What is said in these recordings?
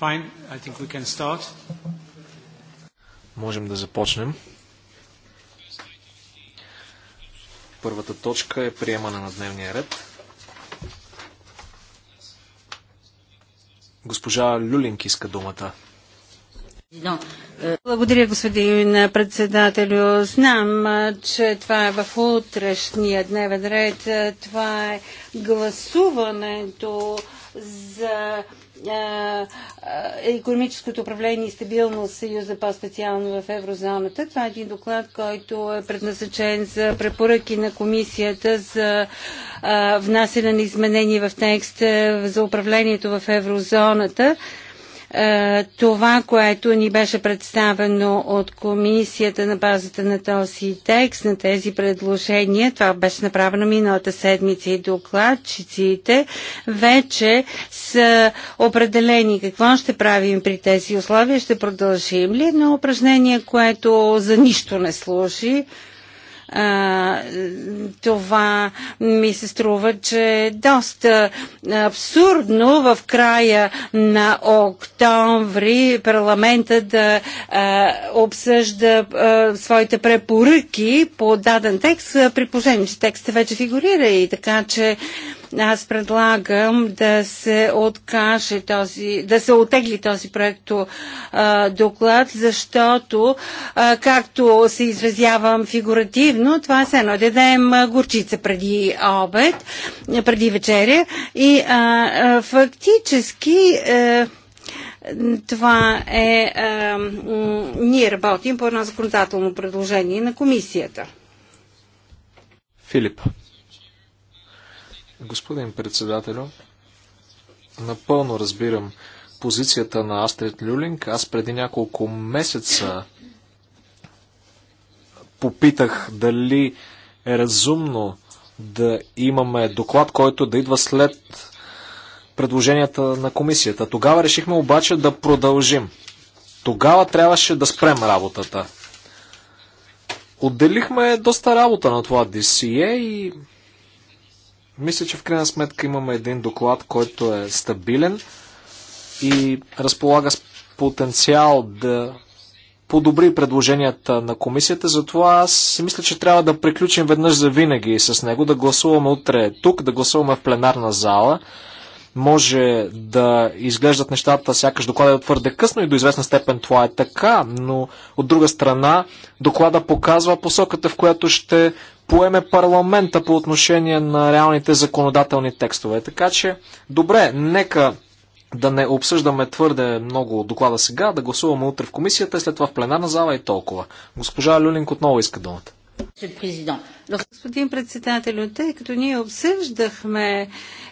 Fine, I think we can start. Можем да започнем. Първата точка е приемане на дневния ред. Госпожа Люлинг иска думата. Е, Благодаря, господин председателю. Знам, че това е в утрешния дневен ред. Това е гласуването за економическото управление и стабилност Съюза, по-специално в еврозоната. Това е един доклад, който е предназначен за препоръки на комисията за внасяне на изменения в текст за управлението в еврозоната. Е, това, което ни беше представено от комисията на базата на този текст, на тези предложения, това беше направено миналата седмица и докладчиците, вече са определени какво ще правим при тези условия, ще продължим ли едно упражнение, което за нищо не служи а, това ми се струва, че е доста абсурдно в края на октомври парламента да а, обсъжда а, своите препоръки по даден текст, при положение, че текстът вече фигурира и така, че а, аз предлагам да се откаже този, да се отегли този проекто а, доклад, защото, а, както се изразявам фигуративно, това се едно да дадем горчица преди обед, преди вечеря и а, а, фактически а, е, това е. А, е, ние работим по едно законодателно предложение на комисията. Филип. Господин председателю, напълно разбирам позицията на Астрид Люлинг. Аз преди няколко месеца попитах дали е разумно да имаме доклад, който да идва след предложенията на комисията. Тогава решихме обаче да продължим. Тогава трябваше да спрем работата. Отделихме доста работа на това DCA и мисля, че в крайна сметка имаме един доклад, който е стабилен и разполага с потенциал да подобри предложенията на комисията, затова аз си мисля, че трябва да приключим веднъж за винаги с него, да гласуваме утре тук, да гласуваме в пленарна зала. Може да изглеждат нещата, сякаш доклада е твърде късно и до известна степен това е така, но от друга страна доклада показва посоката, в която ще поеме парламента по отношение на реалните законодателни текстове. Така че, добре, нека да не обсъждаме твърде много доклада сега, да гласуваме утре в комисията, след това в пленарна зала и толкова. Госпожа Люлинг отново иска думата. Господин председател, тъй като ние обсъждахме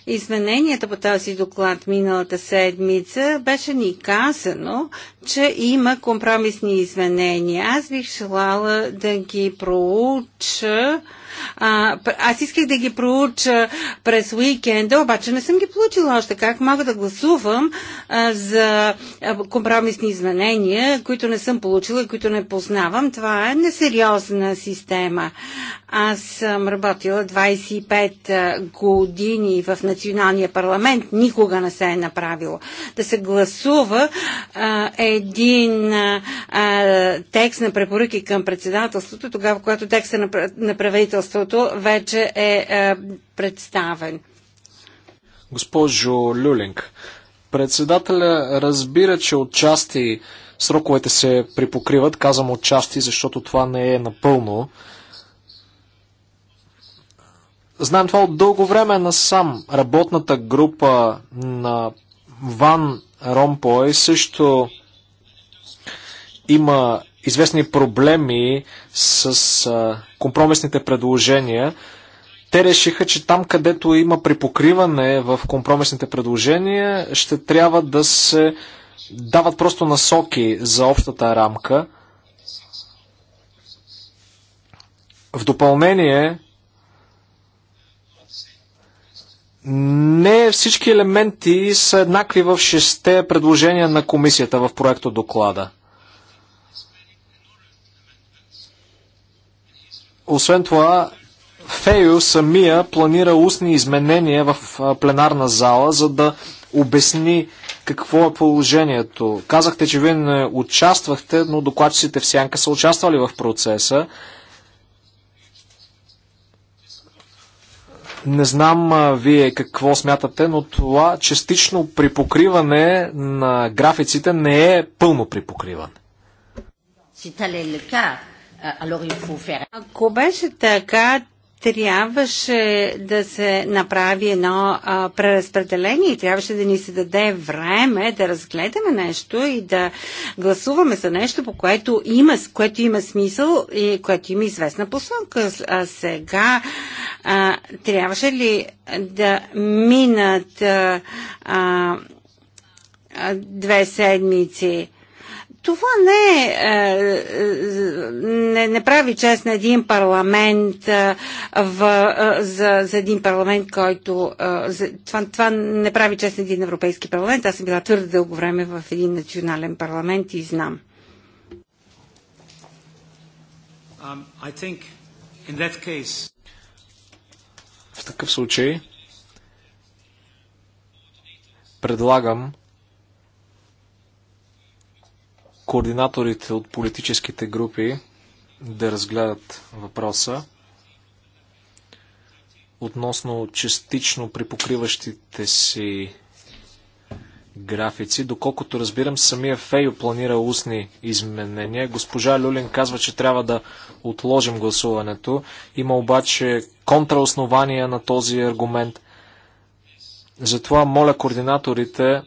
измененията по този доклад миналата седмица, беше ни казано, че има компромисни изменения. Аз бих желала да ги проуча. А, аз исках да ги проуча през уикенда, обаче не съм ги получила още. Как мога да гласувам а, за компромисни изменения, които не съм получила, които не познавам? Това е несериозна система. А, аз съм работила 25 години в националния парламент. Никога не се е направило. Да се гласува а, един а, текст на препоръки към председателството, тогава, когато текста на, на правителството вече е а, представен. Госпожо Люлинг, председателя разбира, че отчасти сроковете се припокриват. Казвам отчасти, защото това не е напълно. Знам това от дълго време на сам Работната група на Ван Ромпой също има известни проблеми с а, компромисните предложения. Те решиха, че там, където има припокриване в компромисните предложения, ще трябва да се дават просто насоки за общата рамка. В допълнение, Не всички елементи са еднакви в шесте предложения на комисията в проекта доклада. Освен това, Фейо самия планира устни изменения в пленарна зала, за да обясни какво е положението. Казахте, че вие не участвахте, но докладчиците в Сянка са участвали в процеса. Не знам а, вие какво смятате, но това частично припокриване на графиците не е пълно припокриване. Euh, Ако беше така, трябваше да се направи едно а, преразпределение и трябваше да ни се даде време да разгледаме нещо и да гласуваме за нещо, по което има, което има смисъл и което има известна посока. А сега а, трябваше ли да минат а, а, две седмици? Това не, е, е, е, не, не прави чест на един парламент е, в, за, за един парламент, който... За, това, това не прави чест на един европейски парламент. Аз съм била твърде дълго време в един национален парламент и знам. Um, I think in that case... В такъв случай предлагам координаторите от политическите групи да разгледат въпроса относно частично припокриващите си графици. Доколкото разбирам, самия Фейо планира устни изменения. Госпожа Люлин казва, че трябва да отложим гласуването. Има обаче контраоснования на този аргумент. Затова моля координаторите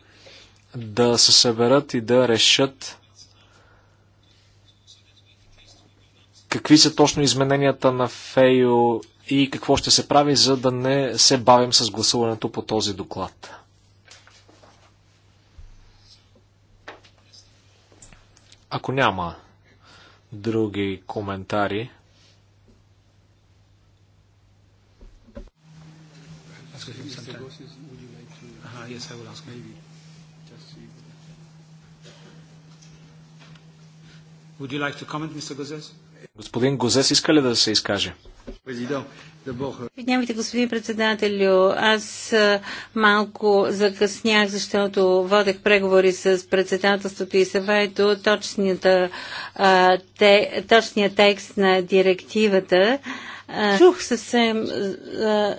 да се съберат и да решат какви са точно измененията на ФЕЙО и какво ще се прави, за да не се бавим с гласуването по този доклад. Ако няма други коментари, Would you like to comment, Mr. Gozes? Господин Гозес иска ли да се изкаже? Извинявайте, господин председателю. Аз малко закъснях, защото водех преговори с председателството и съвето точния текст на директивата. чух съвсем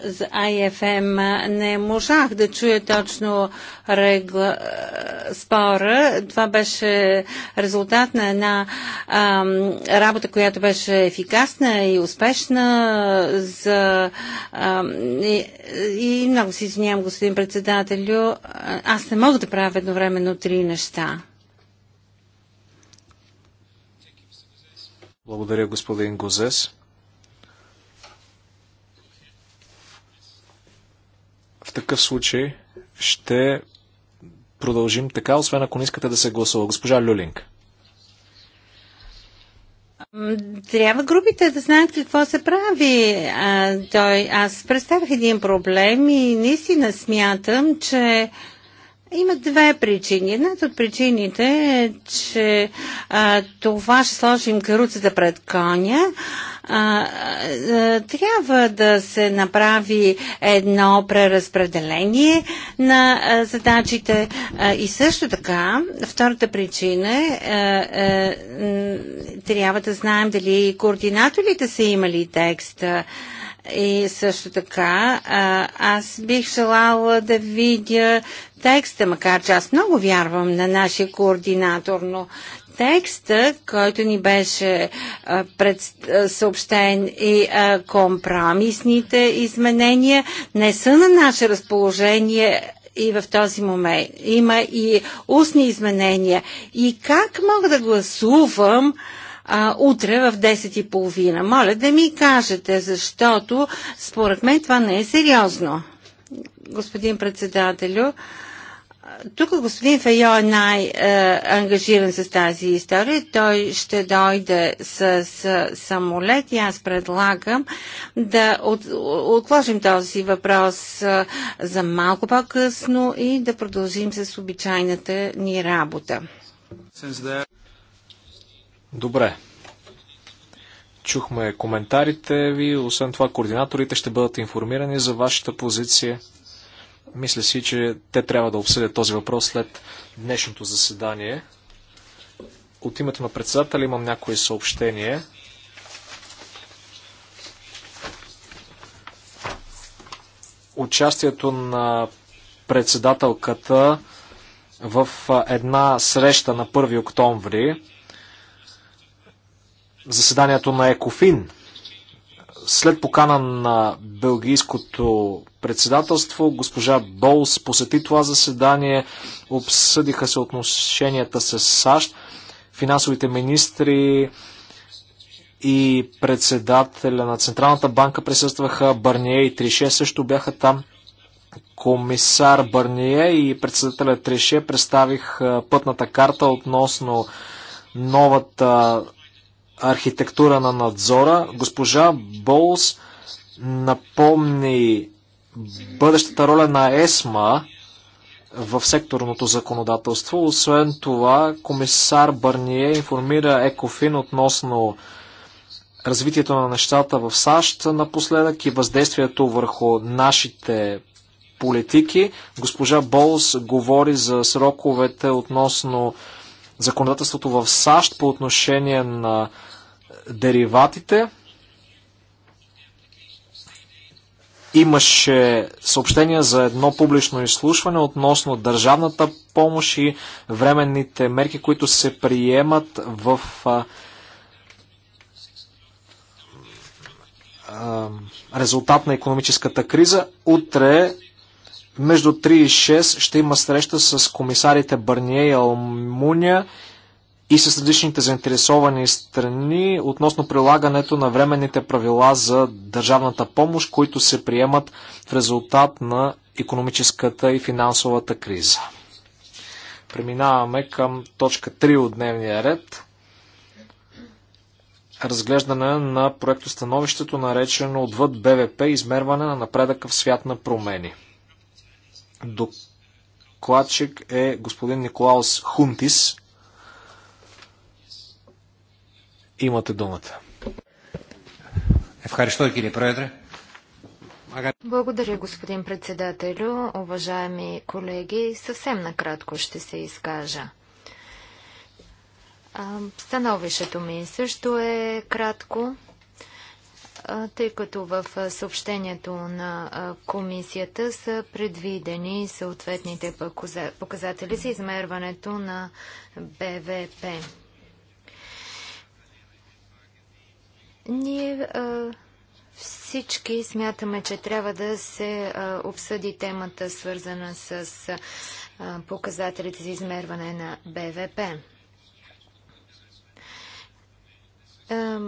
за IFM, не можах да чуя точно регла, спора. Това беше резултат на една работа, която беше беше ефикасна и успешна за... и, и много се извинявам, господин председателю, аз не мога да правя едновременно три неща. Благодаря, господин Гозес. В такъв случай ще продължим така, освен ако не искате да се гласува. Госпожа Люлинг. Трябва групите да знаят какво се прави. А, той, аз представих един проблем и наистина смятам, че има две причини. Едната от причините е, че а, това ще сложим каруцата пред коня, трябва да се направи едно преразпределение на задачите и също така втората причина е, е трябва да знаем дали координаторите са имали текста. И също така, аз бих желала да видя текста, макар че аз много вярвам на нашия координатор, но Текста, който ни беше а, пред, а, съобщен и а, компромисните изменения не са на наше разположение и в този момент. Има и устни изменения. И как мога да гласувам а, утре в 10.30? Моля да ми кажете, защото според мен това не е сериозно. Господин председателю, тук господин Файо е най-ангажиран с тази история. Той ще дойде с, с самолет и аз предлагам да от, отложим този въпрос за малко по-късно и да продължим с обичайната ни работа. Добре. Чухме коментарите ви, освен това координаторите ще бъдат информирани за вашата позиция. Мисля си, че те трябва да обсъдят този въпрос след днешното заседание. От името на председателя имам някои съобщение. Участието на председателката в една среща на 1 октомври, заседанието на Екофин след покана на белгийското председателство, госпожа Болс посети това заседание, обсъдиха се отношенията с САЩ, финансовите министри и председателя на Централната банка присъстваха, Барние и Трише също бяха там. Комисар Барние и председателя Трише представих пътната карта относно новата архитектура на надзора. Госпожа Болс напомни бъдещата роля на ЕСМА в секторното законодателство. Освен това, комисар Бърние информира Екофин относно развитието на нещата в САЩ напоследък и въздействието върху нашите политики. Госпожа Болс говори за сроковете относно законодателството в САЩ по отношение на дериватите. Имаше съобщения за едно публично изслушване относно държавната помощ и временните мерки, които се приемат в а, а, резултат на економическата криза. Утре между 3 и 6 ще има среща с комисарите Бърния и Алмуния и с различните заинтересовани страни относно прилагането на временните правила за държавната помощ, които се приемат в резултат на економическата и финансовата криза. Преминаваме към точка 3 от дневния ред. Разглеждане на проектостановището, наречено отвъд БВП, измерване на напредъка в свят на промени. Докладчик е господин Николаус Хунтис, Имате думата. Евхаристо, кире проедре. Благодаря, господин председателю. Уважаеми колеги, съвсем накратко ще се изкажа. Становището ми също е кратко, тъй като в съобщението на комисията са предвидени съответните показатели за измерването на БВП. Ние а, всички смятаме, че трябва да се а, обсъди темата, свързана с а, показателите за измерване на БВП. А,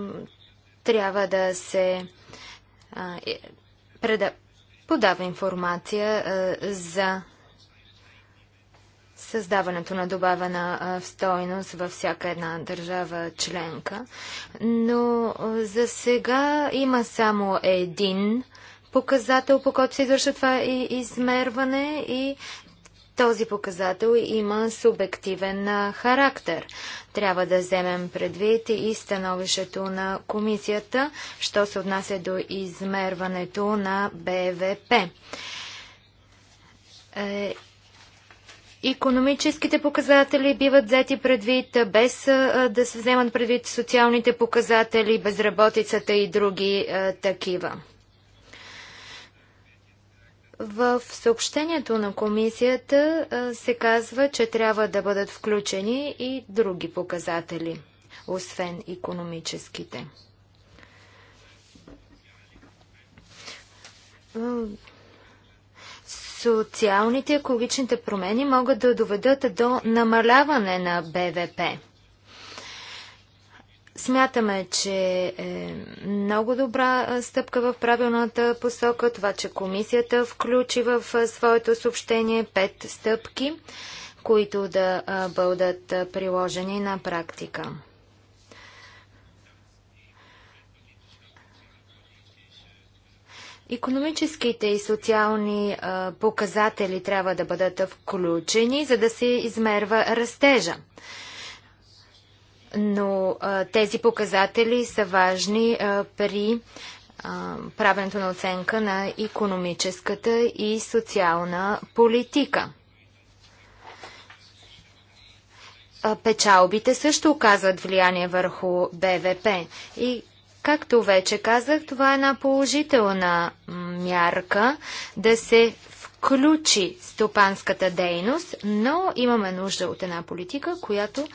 трябва да се а, е, преда, подава информация а, за създаването на добавена стойност във всяка една държава членка. Но за сега има само един показател, по който се извършва това измерване и този показател има субективен характер. Трябва да вземем предвид и становището на комисията, що се отнася до измерването на БВП. Е, Економическите показатели биват взети предвид, без да се вземат предвид социалните показатели, безработицата и други такива. В съобщението на комисията се казва, че трябва да бъдат включени и други показатели, освен економическите. Социалните и екологичните промени могат да доведат до намаляване на БВП. Смятаме, че е много добра стъпка в правилната посока това, че комисията включи в своето съобщение пет стъпки, които да бъдат приложени на практика. Економическите и социални а, показатели трябва да бъдат включени, за да се измерва растежа. Но а, тези показатели са важни а, при правенето на оценка на економическата и социална политика. Печалбите също оказват влияние върху БВП и Както вече казах, това е една положителна мярка да се включи стопанската дейност, но имаме нужда от една политика, която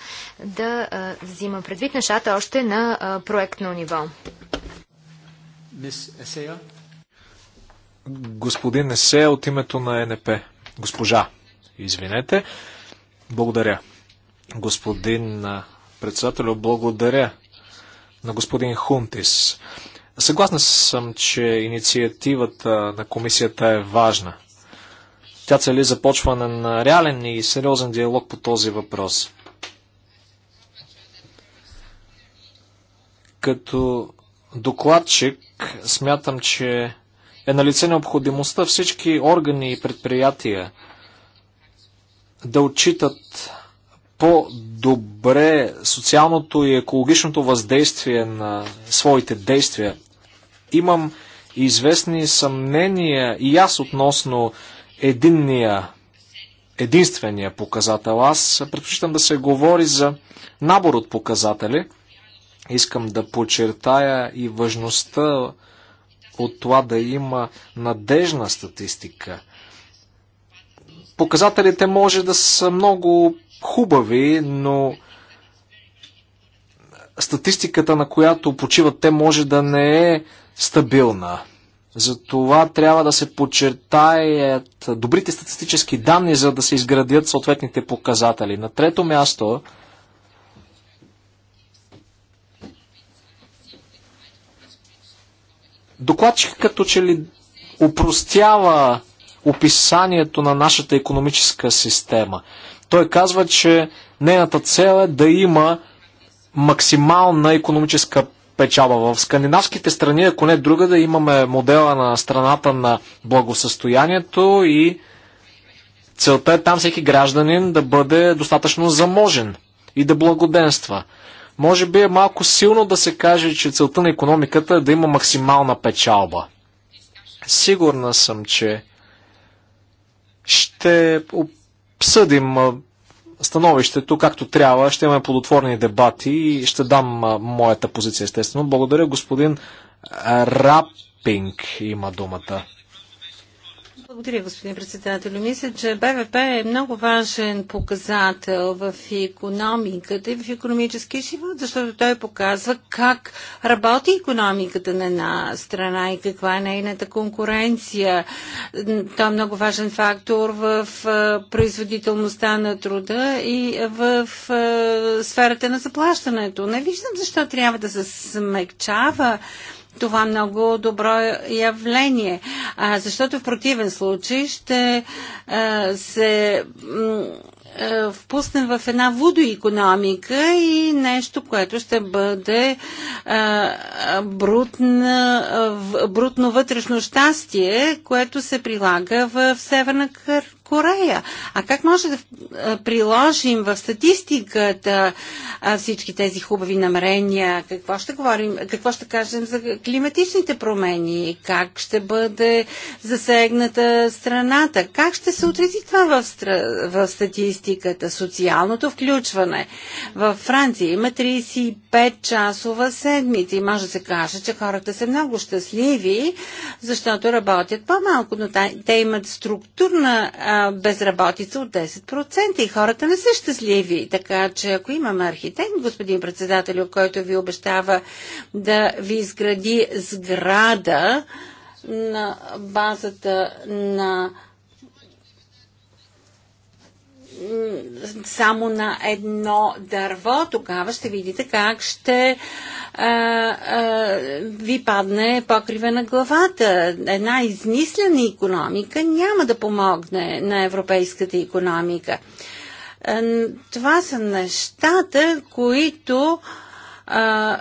да а, взима предвид нещата още на а, проектно ниво. Господин Есе от името на НП. Госпожа, извинете. Благодаря. Господин председател, благодаря на господин Хунтис. Съгласна съм, че инициативата на комисията е важна. Тя цели започване на реален и сериозен диалог по този въпрос. Като докладчик смятам, че е на лице необходимостта всички органи и предприятия да отчитат по-добре социалното и екологичното въздействие на своите действия. Имам известни съмнения и аз относно единния, единствения показател. Аз предпочитам да се говори за набор от показатели. Искам да подчертая и важността от това да има надежна статистика. Показателите може да са много хубави, но статистиката, на която почиват те, може да не е стабилна. Затова трябва да се подчертаят добрите статистически данни, за да се изградят съответните показатели. На трето място, докладчик като че ли упростява описанието на нашата економическа система. Той казва, че нейната цел е да има максимална економическа печалба. В скандинавските страни, ако не друга, да имаме модела на страната на благосъстоянието и целта е там всеки гражданин да бъде достатъчно заможен и да благоденства. Може би е малко силно да се каже, че целта на економиката е да има максимална печалба. Сигурна съм, че ще обсъдим становището както трябва, ще имаме плодотворни дебати и ще дам моята позиция, естествено. Благодаря, господин Рапинг има думата. Благодаря, господин председател. Мисля, че БВП е много важен показател в економиката и в економическия живот, защото той показва как работи економиката на една страна и каква е нейната конкуренция. Той е много важен фактор в производителността на труда и в сферата на заплащането. Не виждам защо трябва да се смекчава това много добро явление, а, защото в противен случай ще а, се впуснем в една водоекономика и нещо, което ще бъде а, брутна, брутно вътрешно щастие, което се прилага в Северна Кър, Корея. А как може да приложим в статистиката всички тези хубави намерения? Какво ще, говорим, какво ще кажем за климатичните промени? Как ще бъде засегната страната? Как ще се отрази това в, стра... в статистиката? Социалното включване. В Франция има 35 часова седмица и може да се каже, че хората са много щастливи, защото работят по-малко, но те имат структурна а, безработица от 10% и хората не са щастливи. Така че ако имаме архитект, господин председател, който ви обещава да ви изгради сграда на базата на само на едно дърво, тогава ще видите как ще а, а, ви падне покрива на главата. Една измислена економика няма да помогне на европейската економика. Това са нещата, които а, а,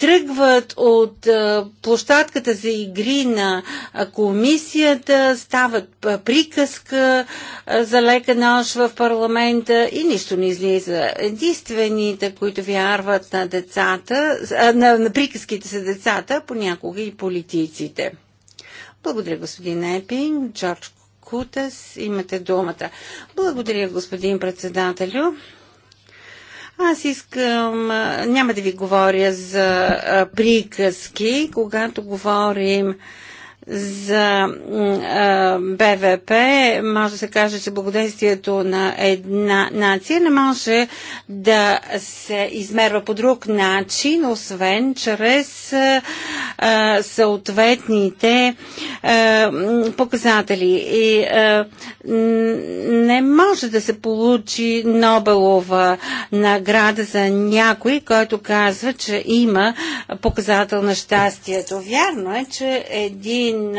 тръгват от а, площадката за игри на а, комисията, стават а, приказка а, за лека нож в парламента и нищо не излиза. Единствените, които вярват на децата, а, на, на приказките са децата, понякога и политиците. Благодаря, господин Епин. Джордж Кутас, имате думата. Благодаря, господин председателю. Аз искам, няма да ви говоря за приказки, когато говорим за БВП, може да се каже, че благодействието на една нация не може да се измерва по друг начин, освен чрез съответните показатели. И не може да се получи Нобелова награда за някой, който казва, че има показател на щастието. Вярно е, че един един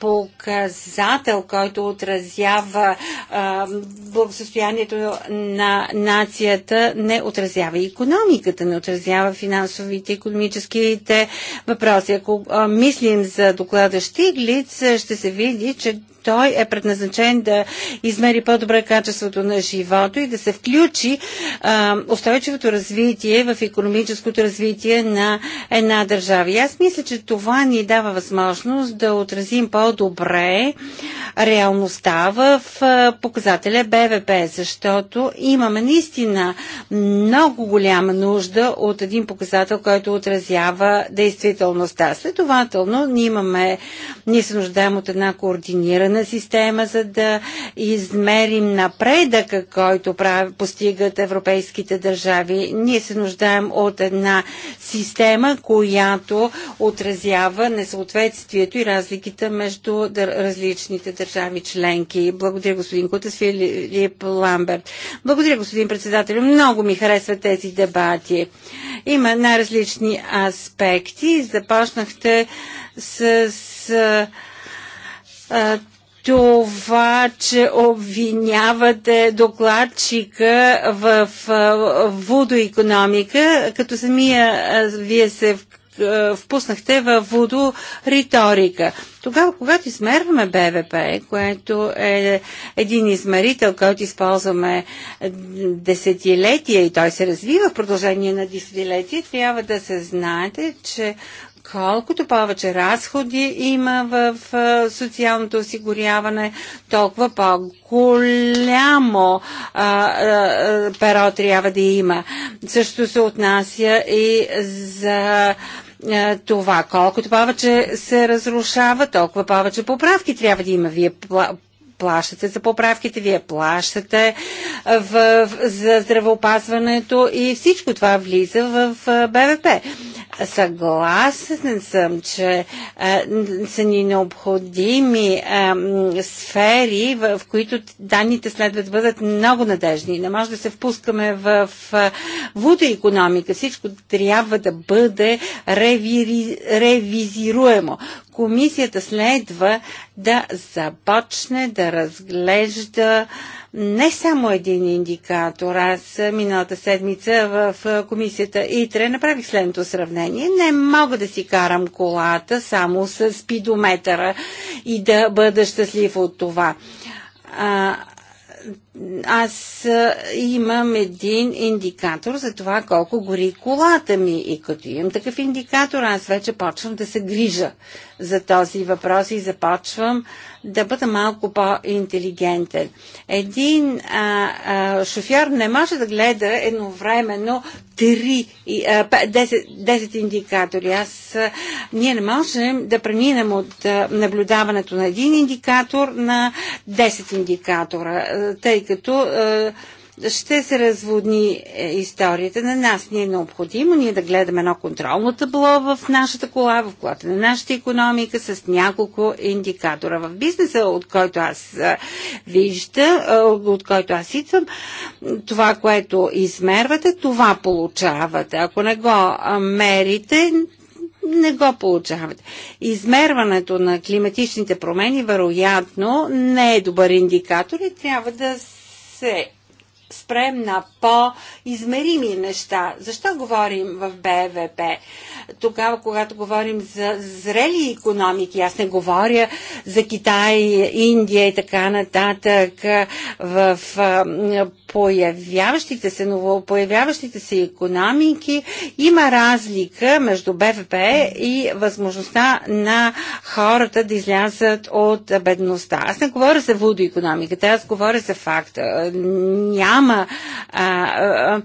показател, който отразява благосостоянието благосъстоянието на нацията, не отразява економиката, не отразява финансовите, економическите въпроси. Ако мислим за доклада Штиглиц, ще се види, че той е предназначен да измери по-добре качеството на живота и да се включи а, устойчивото развитие в економическото развитие на една държава. И аз мисля, че това ни дава възможност да отразим по-добре реалността в показателя БВП, защото имаме наистина много голяма нужда от един показател, който отразява действителността. Следователно, ние имаме, ние се нуждаем от една координирана компютърна система, за да измерим напредъка, който прави, постигат европейските държави. Ние се нуждаем от една система, която отразява несъответствието и разликите между различните държави членки. Благодаря, господин Кутес, Филип Ламберт. Благодаря, господин председател. Много ми харесват тези дебати. Има най-различни аспекти. Започнахте с, с а, това, че обвинявате докладчика в водоекономика, като самия вие се впуснахте в водо риторика. Тогава, когато измерваме БВП, което е един измерител, който използваме десетилетия и той се развива в продължение на десетилетия, трябва да се знаете, че колкото повече разходи има в социалното осигуряване, толкова по-голямо перо трябва да има. Също се отнася и за това. Колкото повече се разрушава, толкова повече поправки трябва да има. Вие плащате за поправките, вие плащате в, в, за здравеопазването и всичко това влиза в, в БВП. Съгласен съм, че са ни необходими сфери, в, които данните следват да бъдат много надежни. Не може да се впускаме в вуда економика. Всичко трябва да бъде ревизируемо комисията следва да започне да разглежда не само един индикатор. Аз миналата седмица в комисията ИТРЕ направих следното сравнение. Не мога да си карам колата само с спидометъра и да бъда щастлив от това. А, аз имам един индикатор за това колко гори колата ми и като имам такъв индикатор, аз вече почвам да се грижа за този въпрос и започвам да бъда малко по-интелигентен. Един а, а, шофьор не може да гледа едновременно 10, 10 индикатори. Аз, а, ние не можем да преминем от а, наблюдаването на един индикатор на 10 индикатора, тъй като като е, ще се разводни е, историята на нас. Ние е необходимо ние да гледаме едно контролно табло в нашата кола, в колата на нашата економика с няколко индикатора. В бизнеса, от който аз е, вижда, от който аз идвам, това, което измервате, това получавате. Ако не го мерите, не го получават. Измерването на климатичните промени вероятно не е добър индикатор и трябва да се спрем на по-измерими неща. Защо говорим в БВП? Тогава, когато говорим за зрели економики, аз не говоря за Китай, Индия и така нататък, в появяващите се, появяващите се економики има разлика между БВП и възможността на хората да излязат от бедността. Аз не говоря за водоекономиката, аз говоря за факта. Няма няма. А, а,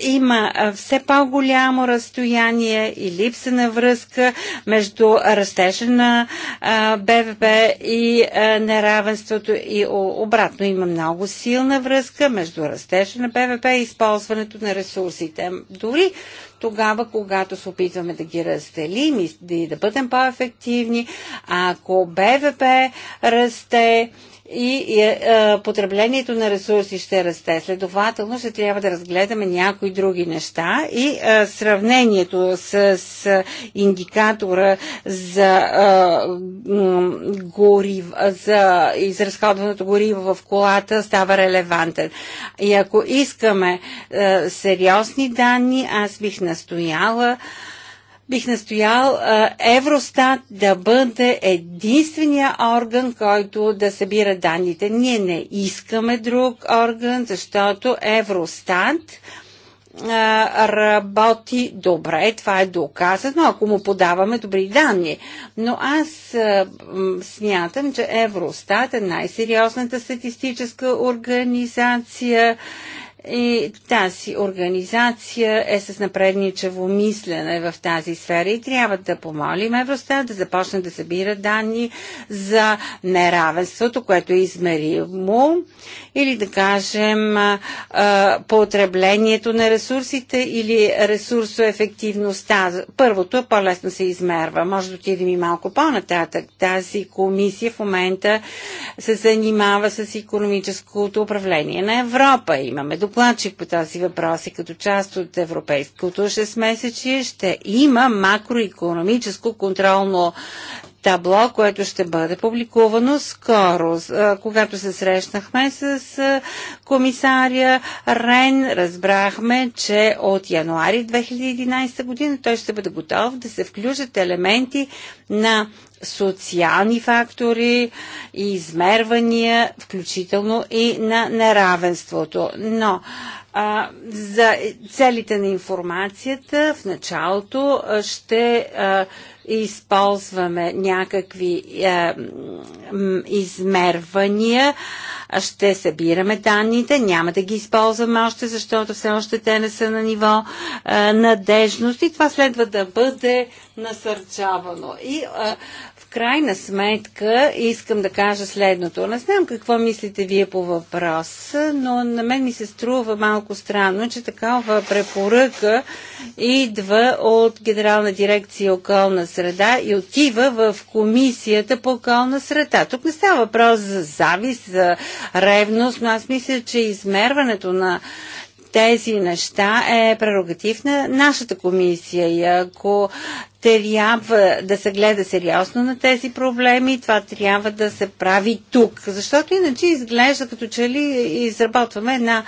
има все по-голямо разстояние и липса на връзка между растежа на БВП и а, неравенството и о, обратно. Има много силна връзка между растежа на БВП и използването на ресурсите. Дори тогава, когато се опитваме да ги разделим и да бъдем по-ефективни, ако БВП расте, и, е, е, потреблението на ресурси ще расте. Следователно ще трябва да разгледаме някои други неща и е, сравнението с, с индикатора за, е, горив, за изразходването гориво в колата става релевантен. И ако искаме е, сериозни данни, аз бих настояла бих настоял Евростат да бъде единствения орган, който да събира данните. Ние не искаме друг орган, защото Евростат работи добре, това е доказано, ако му подаваме добри данни. Но аз смятам, че Евростат е най-сериозната статистическа организация и тази организация е с напредничаво мислене в тази сфера и трябва да помолим Евростат да започне да събира данни за неравенството, което е измеримо, или да кажем потреблението на ресурсите или ресурсоефективността. Първото е по-лесно се измерва. Може да отидем и малко по-нататък. Тази комисия в момента се занимава с економическото управление на Европа. Имаме докладчик по този въпрос и като част от европейското 6 месечие ще има макроекономическо контролно табло, което ще бъде публикувано скоро. Когато се срещнахме с комисаря Рен, разбрахме, че от януари 2011 година той ще бъде готов да се включат елементи на социални фактори и измервания, включително и на неравенството. Но а, за целите на информацията в началото ще а, използваме някакви е, измервания, ще събираме данните, няма да ги използваме още, защото все още те не са на ниво е, надежност и това следва да бъде насърчавано. И е, крайна сметка искам да кажа следното. Не знам какво мислите вие по въпрос, но на мен ми се струва малко странно, че такава препоръка идва от Генерална дирекция околна среда и отива в Комисията по околна среда. Тук не става въпрос за завист, за ревност, но аз мисля, че измерването на тези неща е прерогатив на нашата комисия и ако трябва да се гледа сериозно на тези проблеми, това трябва да се прави тук. Защото иначе изглежда като че ли изработваме една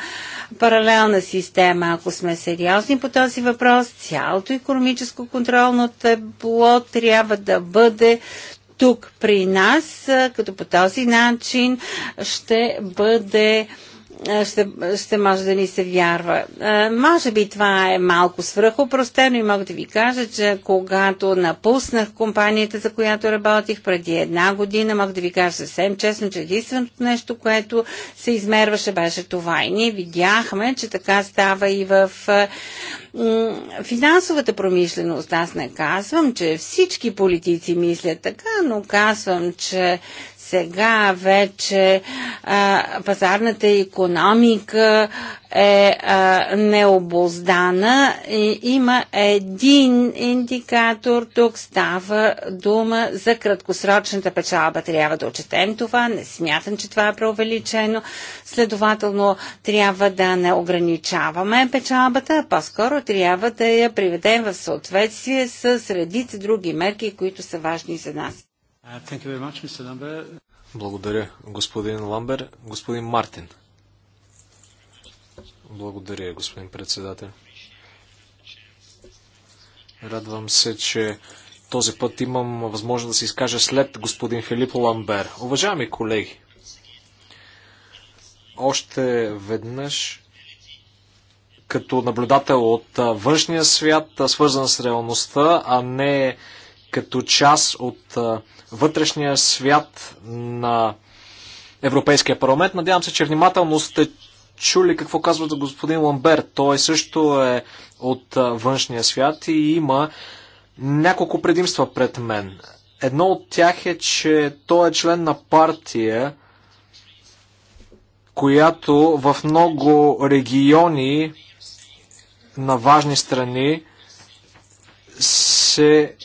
паралелна система. Ако сме сериозни по този въпрос, цялото економическо контролно тепло трябва да бъде тук при нас, като по този начин ще бъде е, ще, ще може да ни се вярва. Е, може би това е малко свръхопростено и мога да ви кажа, че когато напуснах компанията, за която работих преди една година, мога да ви кажа съвсем честно, че единственото нещо, което се измерваше, беше това. И ние видяхме, че така става и в е, финансовата промишленост. Аз не казвам, че всички политици мислят така, но казвам, че сега вече а, пазарната економика е а, необоздана. И има един индикатор. Тук става дума за краткосрочната печалба. Трябва да отчетем това. Не смятам, че това е преувеличено. Следователно, трябва да не ограничаваме печалбата, а по-скоро трябва да я приведем в съответствие с редица други мерки, които са важни за нас. Uh, much, Благодаря, господин Ламбер. Господин Мартин. Благодаря, господин председател. Радвам се, че този път имам възможност да се изкажа след господин Филип Ламбер. Уважаеми колеги, още веднъж като наблюдател от външния свят, свързан с реалността, а не като част от вътрешния свят на Европейския парламент. Надявам се, че внимателно сте чули какво казва господин Ламбер. Той също е от външния свят и има няколко предимства пред мен. Едно от тях е, че той е член на партия, която в много региони на важни страни се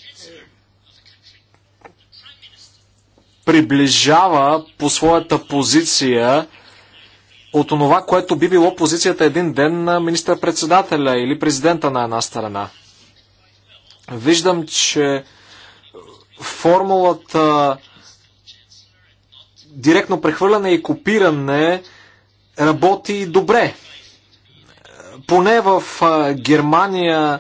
приближава по своята позиция от това, което би било позицията един ден на министър-председателя или президента на една страна. Виждам, че формулата директно прехвърляне и копиране работи добре. Поне в Германия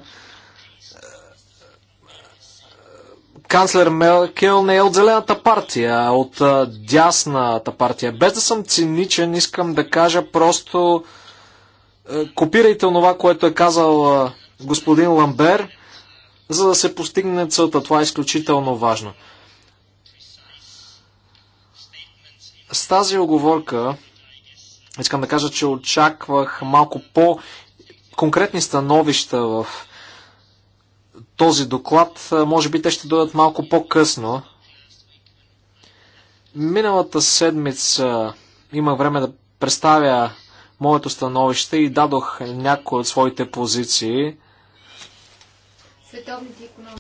канцлер Меркел не е от Зелената партия, а от а, дясната партия. Без да съм циничен, искам да кажа просто а, копирайте това, което е казал а, господин Ламбер, за да се постигне целта. Това е изключително важно. С тази оговорка искам да кажа, че очаквах малко по-конкретни становища в този доклад. Може би те ще дойдат малко по-късно. Миналата седмица имах време да представя моето становище и дадох някои от своите позиции. Световните економики.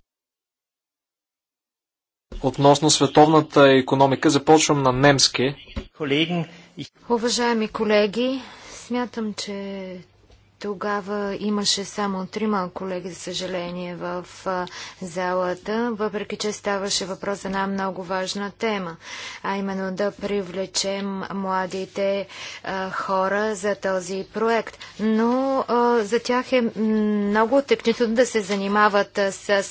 Относно световната економика, започвам на немски. Уважаеми колеги, смятам, че тогава имаше само трима колеги, за съжаление, в залата, въпреки че ставаше въпрос за една много важна тема, а именно да привлечем младите хора за този проект. Но за тях е много технично да се занимават с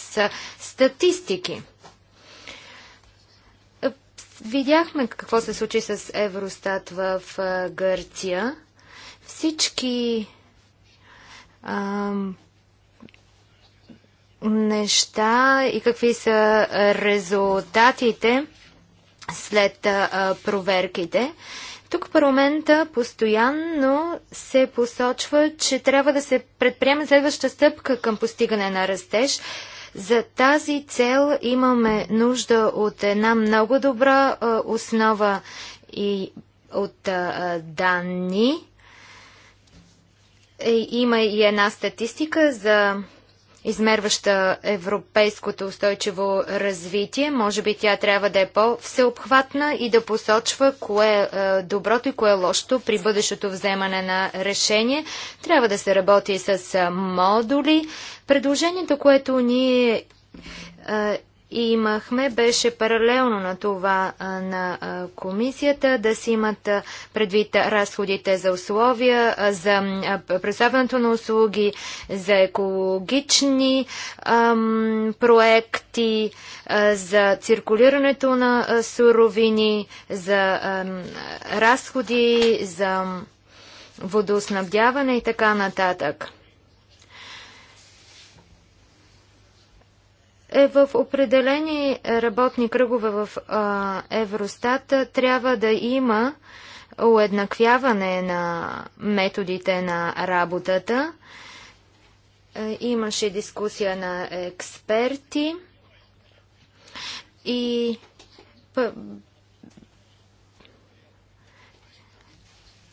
статистики. Видяхме какво се случи с Евростат в Гърция. Всички а, неща и какви са резултатите след а, проверките. Тук в парламента постоянно се посочва, че трябва да се предприеме следваща стъпка към постигане на растеж. За тази цел имаме нужда от една много добра а, основа и от а, данни. Е, има и една статистика за измерваща европейското устойчиво развитие. Може би тя трябва да е по-всеобхватна и да посочва кое е доброто и кое е лошото при бъдещото вземане на решение. Трябва да се работи с модули. Предложението, което ние е, имахме беше паралелно на това на комисията да си имат предвид разходите за условия, за представянето на услуги, за екологични ам, проекти, за циркулирането на суровини, за ам, разходи, за водоснабдяване и така нататък. е в определени работни кръгове в а, Евростат трябва да има уеднаквяване на методите на работата. Е, имаше дискусия на експерти и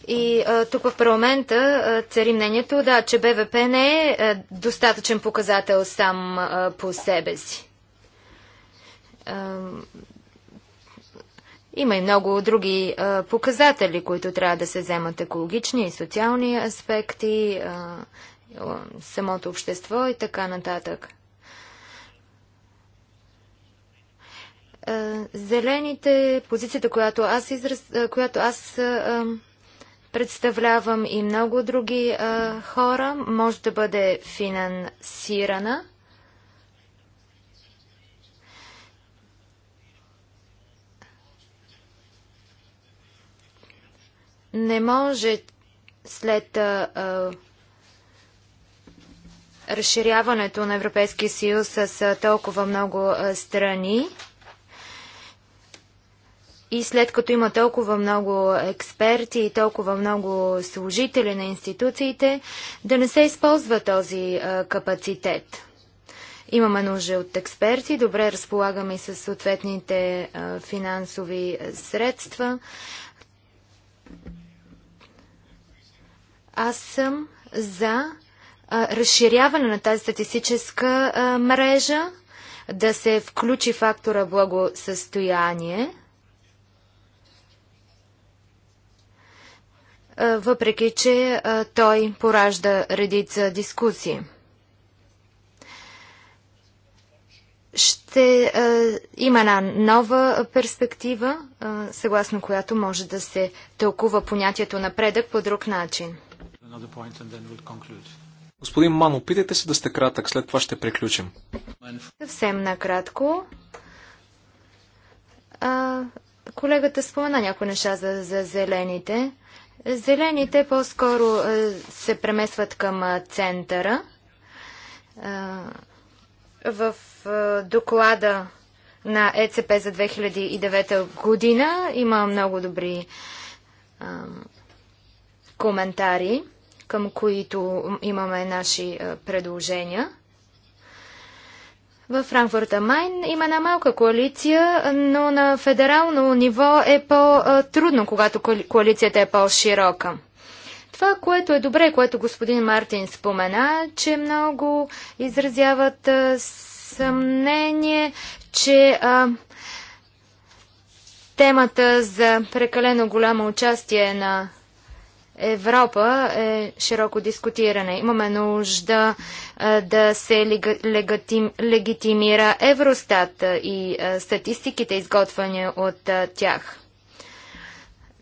И а, тук в парламента а, цари мнението, да, че БВП не е а, достатъчен показател сам а, по себе си. А, има и много други а, показатели, които трябва да се вземат екологични и социални аспекти, а, самото общество и така нататък. А, зелените, позицията, която аз, израз, която аз а, Представлявам и много други а, хора. Може да бъде финансирана. Не може след а, а, разширяването на Европейския съюз с а, толкова много а, страни и след като има толкова много експерти и толкова много служители на институциите, да не се използва този а, капацитет. Имаме нужда от експерти, добре разполагаме и с съответните а, финансови средства. Аз съм за а, разширяване на тази статистическа мрежа, да се включи фактора благосъстояние – въпреки че той поражда редица дискусии. Ще има една нова перспектива, съгласно която може да се тълкува понятието напредък по друг начин. Господин Ман, опитайте се да сте кратък, след това ще приключим. Съвсем накратко. А, колегата спомена някои неща за, за зелените. Зелените по-скоро е, се преместват към е, центъра. Е, в доклада на ЕЦП за 2009 година има много добри коментари, към които имаме наши предложения. В Франкфурт Майн има една малка коалиция, но на федерално ниво е по-трудно, когато коалицията е по-широка. Това, което е добре, което господин Мартин спомена, че много изразяват съмнение, че а, темата за прекалено голямо участие на Европа е широко дискутиране. Имаме нужда да се легитимира Евростат и статистиките, изготвяне от тях.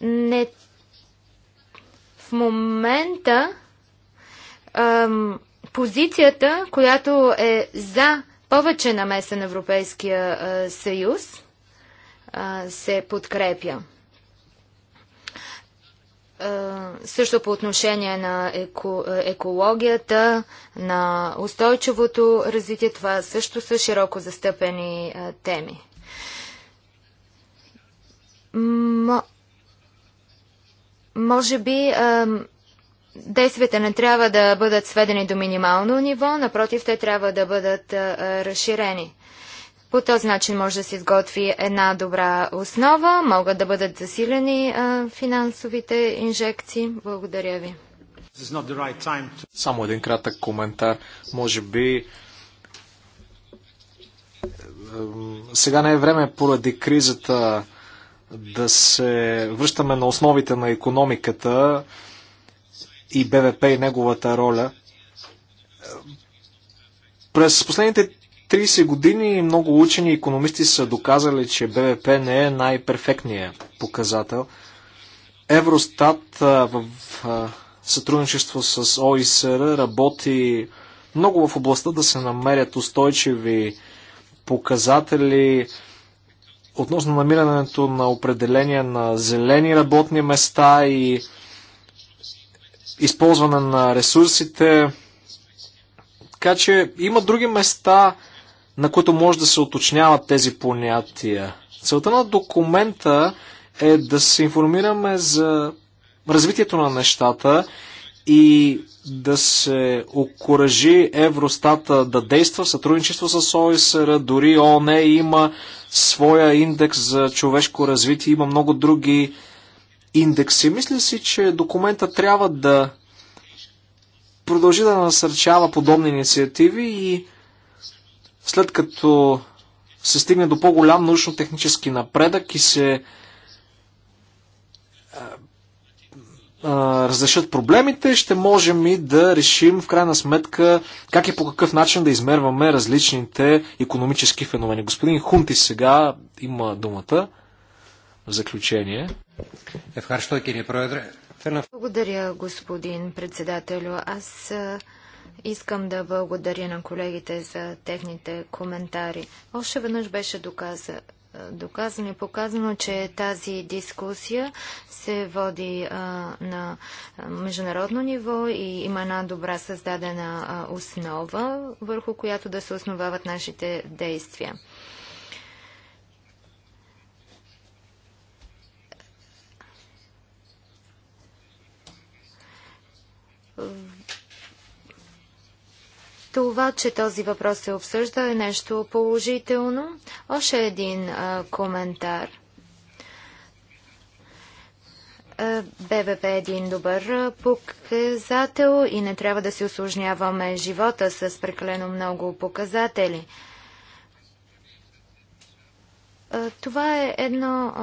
Не... В момента ам, позицията, която е за повече намеса на Европейския съюз, се подкрепя също по отношение на еко, екологията, на устойчивото развитие, това също са широко застъпени а, теми. М- може би а, действията не трябва да бъдат сведени до минимално ниво, напротив, те трябва да бъдат а, разширени. По този начин може да се изготви една добра основа, могат да бъдат засилени финансовите инжекции. Благодаря ви. Само един кратък коментар. Може би сега не е време поради кризата да се връщаме на основите на економиката и БВП и неговата роля. През последните 30 години много учени и економисти са доказали, че БВП не е най-перфектният показател. Евростат в сътрудничество с ОИСР работи много в областта да се намерят устойчиви показатели относно намирането на определение на зелени работни места и използване на ресурсите. Така че има други места, на които може да се уточняват тези понятия. Целта на документа е да се информираме за развитието на нещата и да се окоръжи Евростата да действа в сътрудничество с ОИСР, дори ООН има своя индекс за човешко развитие, има много други индекси. Мисля си, че документа трябва да продължи да насърчава подобни инициативи и след като се стигне до по-голям научно-технически напредък и се е, е, разрешат проблемите, ще можем и да решим в крайна сметка как и по какъв начин да измерваме различните економически феномени. Господин Хунти сега има думата в заключение. Благодаря, господин председателю. Аз е, Искам да благодаря на колегите за техните коментари. Още веднъж беше доказа, доказано и показано, че тази дискусия се води а, на международно ниво и има една добра създадена а, основа, върху която да се основават нашите действия. Това, че този въпрос се обсъжда е нещо положително. Още един а, коментар. БВП е един добър показател и не трябва да си осложняваме живота с прекалено много показатели. Това е едно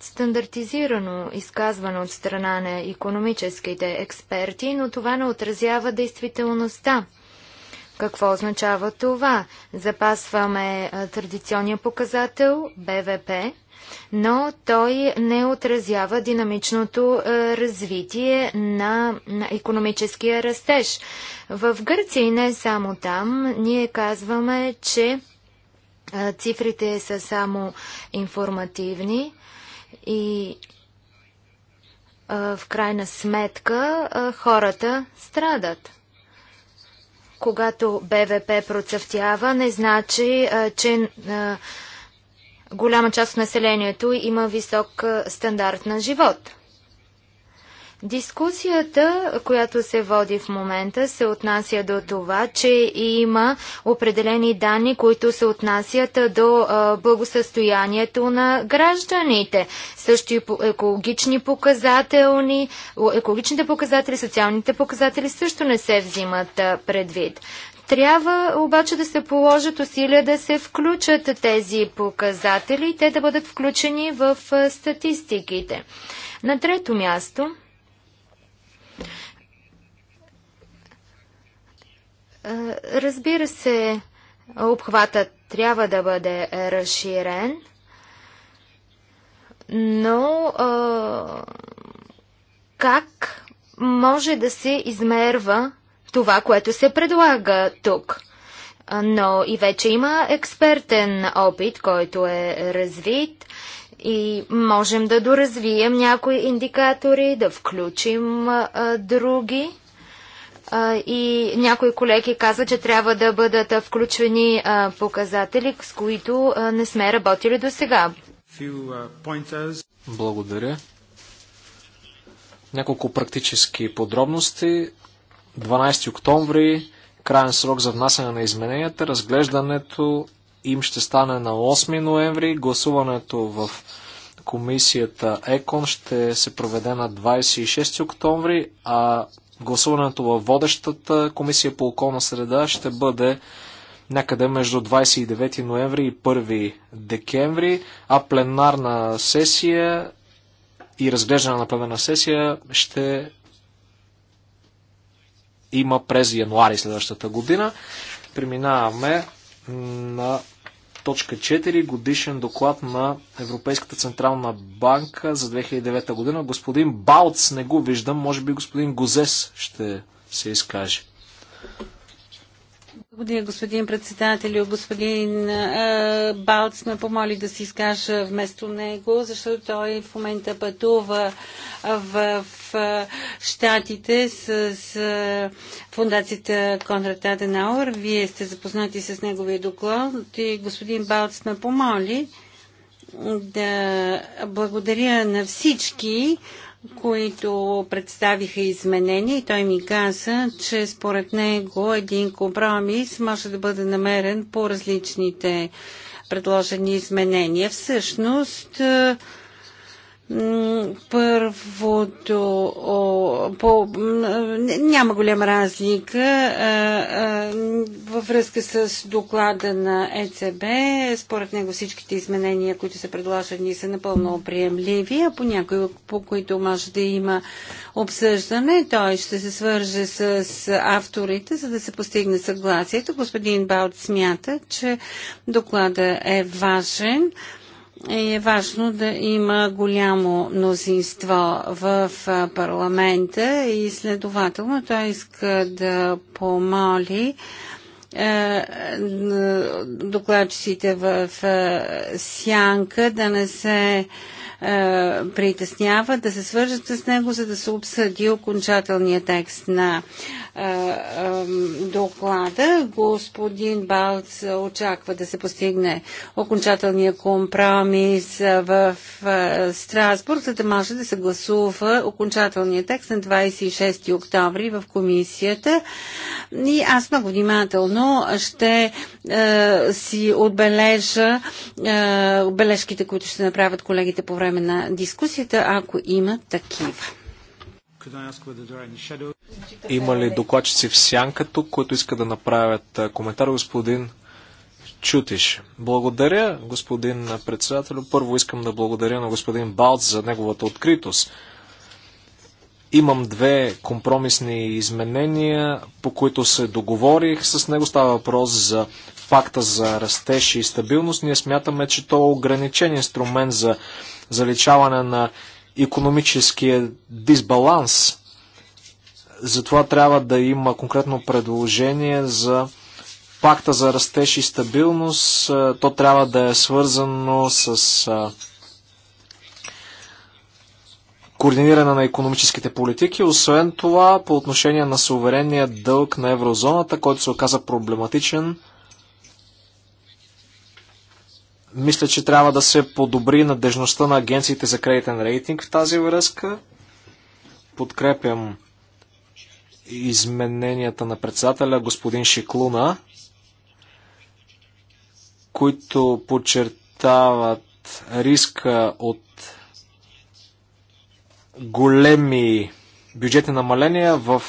стандартизирано изказване от страна на економическите експерти, но това не отразява действителността. Какво означава това? Запасваме традиционния показател БВП, но той не отразява динамичното развитие на, економическия растеж. В Гърция и не само там, ние казваме, че цифрите са само информативни и в крайна сметка хората страдат. Когато БВП процъфтява, не значи, че голяма част от населението има висок стандарт на живот. Дискусията, която се води в момента, се отнася до това, че има определени данни, които се отнасят до благосъстоянието на гражданите. Също и екологични показателни, екологичните показатели, социалните показатели също не се взимат предвид. Трябва обаче да се положат усилия да се включат тези показатели и те да бъдат включени в статистиките. На трето място Разбира се, обхватът трябва да бъде разширен, но как може да се измерва това, което се предлага тук? Но и вече има експертен опит, който е развит и можем да доразвием някои индикатори, да включим а, други и някои колеги казват, че трябва да бъдат включвани показатели, с които не сме работили до сега. Благодаря. Няколко практически подробности. 12 октомври, крайен срок за внасяне на измененията. Разглеждането им ще стане на 8 ноември. Гласуването в комисията ЕКОН ще се проведе на 26 октомври, а Гласуването във водещата комисия по околна среда ще бъде някъде между 29 ноември и 1 декември, а пленарна сесия и разглеждане на пленарна сесия ще има през януари следващата година. Преминаваме на Точка 4. Годишен доклад на Европейската Централна банка за 2009 година. Господин Балц не го виждам. Може би господин Гозес ще се изкаже. Благодаря, господин председател. Господин е, Балц ме помоли да се изкажа вместо него, защото той в момента пътува в, в Штатите с, с фундацията Конрад Аденауер. Вие сте запознати с неговия доклад и господин Балц ме помоли да благодаря на всички, които представиха изменения и той ми каза, че според него един компромис може да бъде намерен по различните предложени изменения. Всъщност, първото по, няма голяма разлика във връзка с доклада на ЕЦБ. Според него всичките изменения, които са предложени, са напълно приемливи, а по някои, по които може да има обсъждане, той ще се свърже с авторите, за да се постигне съгласието. Господин Балт смята, че доклада е важен е важно да има голямо мнозинство в парламента и следователно той иска да помоли докладчиците в сянка да не се притеснява, да се свържат с него, за да се обсъди окончателния текст на доклада. Господин Балц очаква да се постигне окончателния компромис в Страсбург, за да може да се гласува окончателния текст на 26 октомври в комисията. И аз много внимателно ще си отбележа бележките, които ще направят колегите по време на дискусията, ако има такива. Има ли докладчици в сянка тук, които искат да направят коментар? Господин Чутиш. Благодаря, господин председател. Първо искам да благодаря на господин Балц за неговата откритост. Имам две компромисни изменения, по които се договорих. С него става въпрос за факта за растеж и стабилност. Ние смятаме, че то е ограничен инструмент за заличаване на економическия дисбаланс. Затова трябва да има конкретно предложение за пакта за растеж и стабилност. Е, то трябва да е свързано с е, координиране на економическите политики. Освен това, по отношение на суверенния дълг на еврозоната, който се оказа проблематичен, мисля, че трябва да се подобри надежността на агенциите за кредитен рейтинг в тази връзка. Подкрепям измененията на председателя господин Шиклуна, които подчертават риска от големи бюджетни намаления в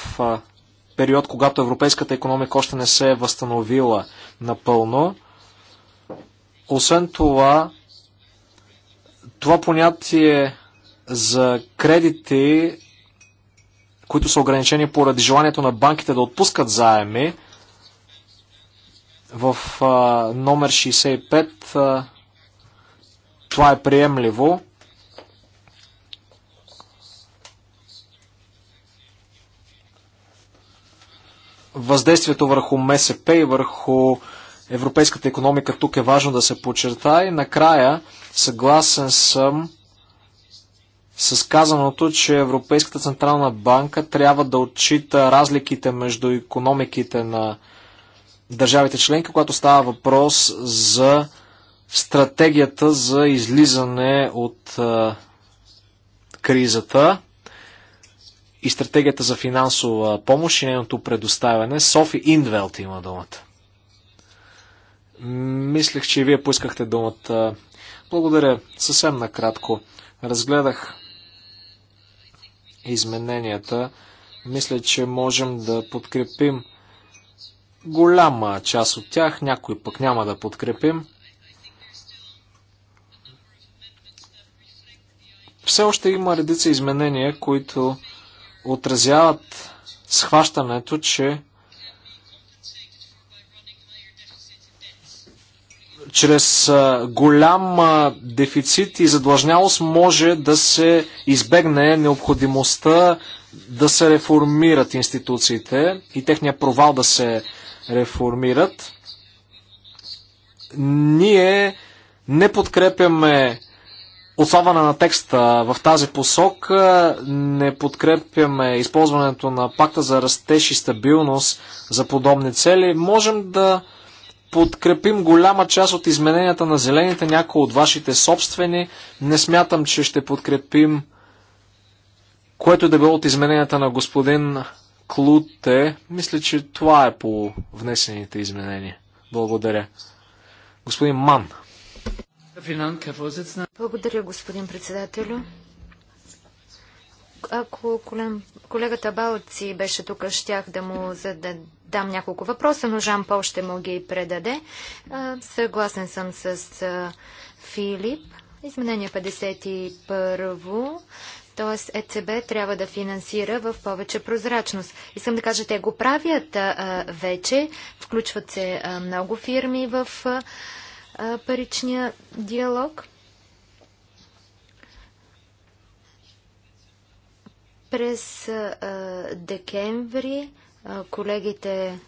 период, когато европейската економика още не се е възстановила напълно. Освен това, това понятие за кредити, които са ограничени поради желанието на банките да отпускат заеми, в а, номер 65 а, това е приемливо. Въздействието върху МСП и върху европейската економика тук е важно да се подчерта и накрая съгласен съм с казаното, че Европейската Централна банка трябва да отчита разликите между економиките на държавите членки, когато става въпрос за стратегията за излизане от а, кризата и стратегията за финансова помощ и нейното предоставяне. Софи Индвелт има думата. Мислех, че и вие поискахте думата. Благодаря. Съвсем накратко. Разгледах измененията. Мисля, че можем да подкрепим голяма част от тях, Някой пък няма да подкрепим. Все още има редица изменения, които отразяват схващането, че Чрез голям дефицит и задлъжнялост може да се избегне необходимостта да се реформират институциите и техния провал да се реформират. Ние не подкрепяме отслабване на текста в тази посока, не подкрепяме използването на пакта за растеж и стабилност за подобни цели. Можем да подкрепим голяма част от измененията на зелените, някои от вашите собствени. Не смятам, че ще подкрепим което да било от измененията на господин Клуте. Мисля, че това е по внесените изменения. Благодаря. Господин Ман. Благодаря, господин председателю. Ако колегата Балци беше тук, щях да му зададе дам няколко въпроса, но Жан Пол ще му ги предаде. Съгласен съм с Филип. Изменение 51. Т.е. ЕЦБ трябва да финансира в повече прозрачност. Искам да кажа, те го правят вече. Включват се много фирми в паричния диалог. През декември колегите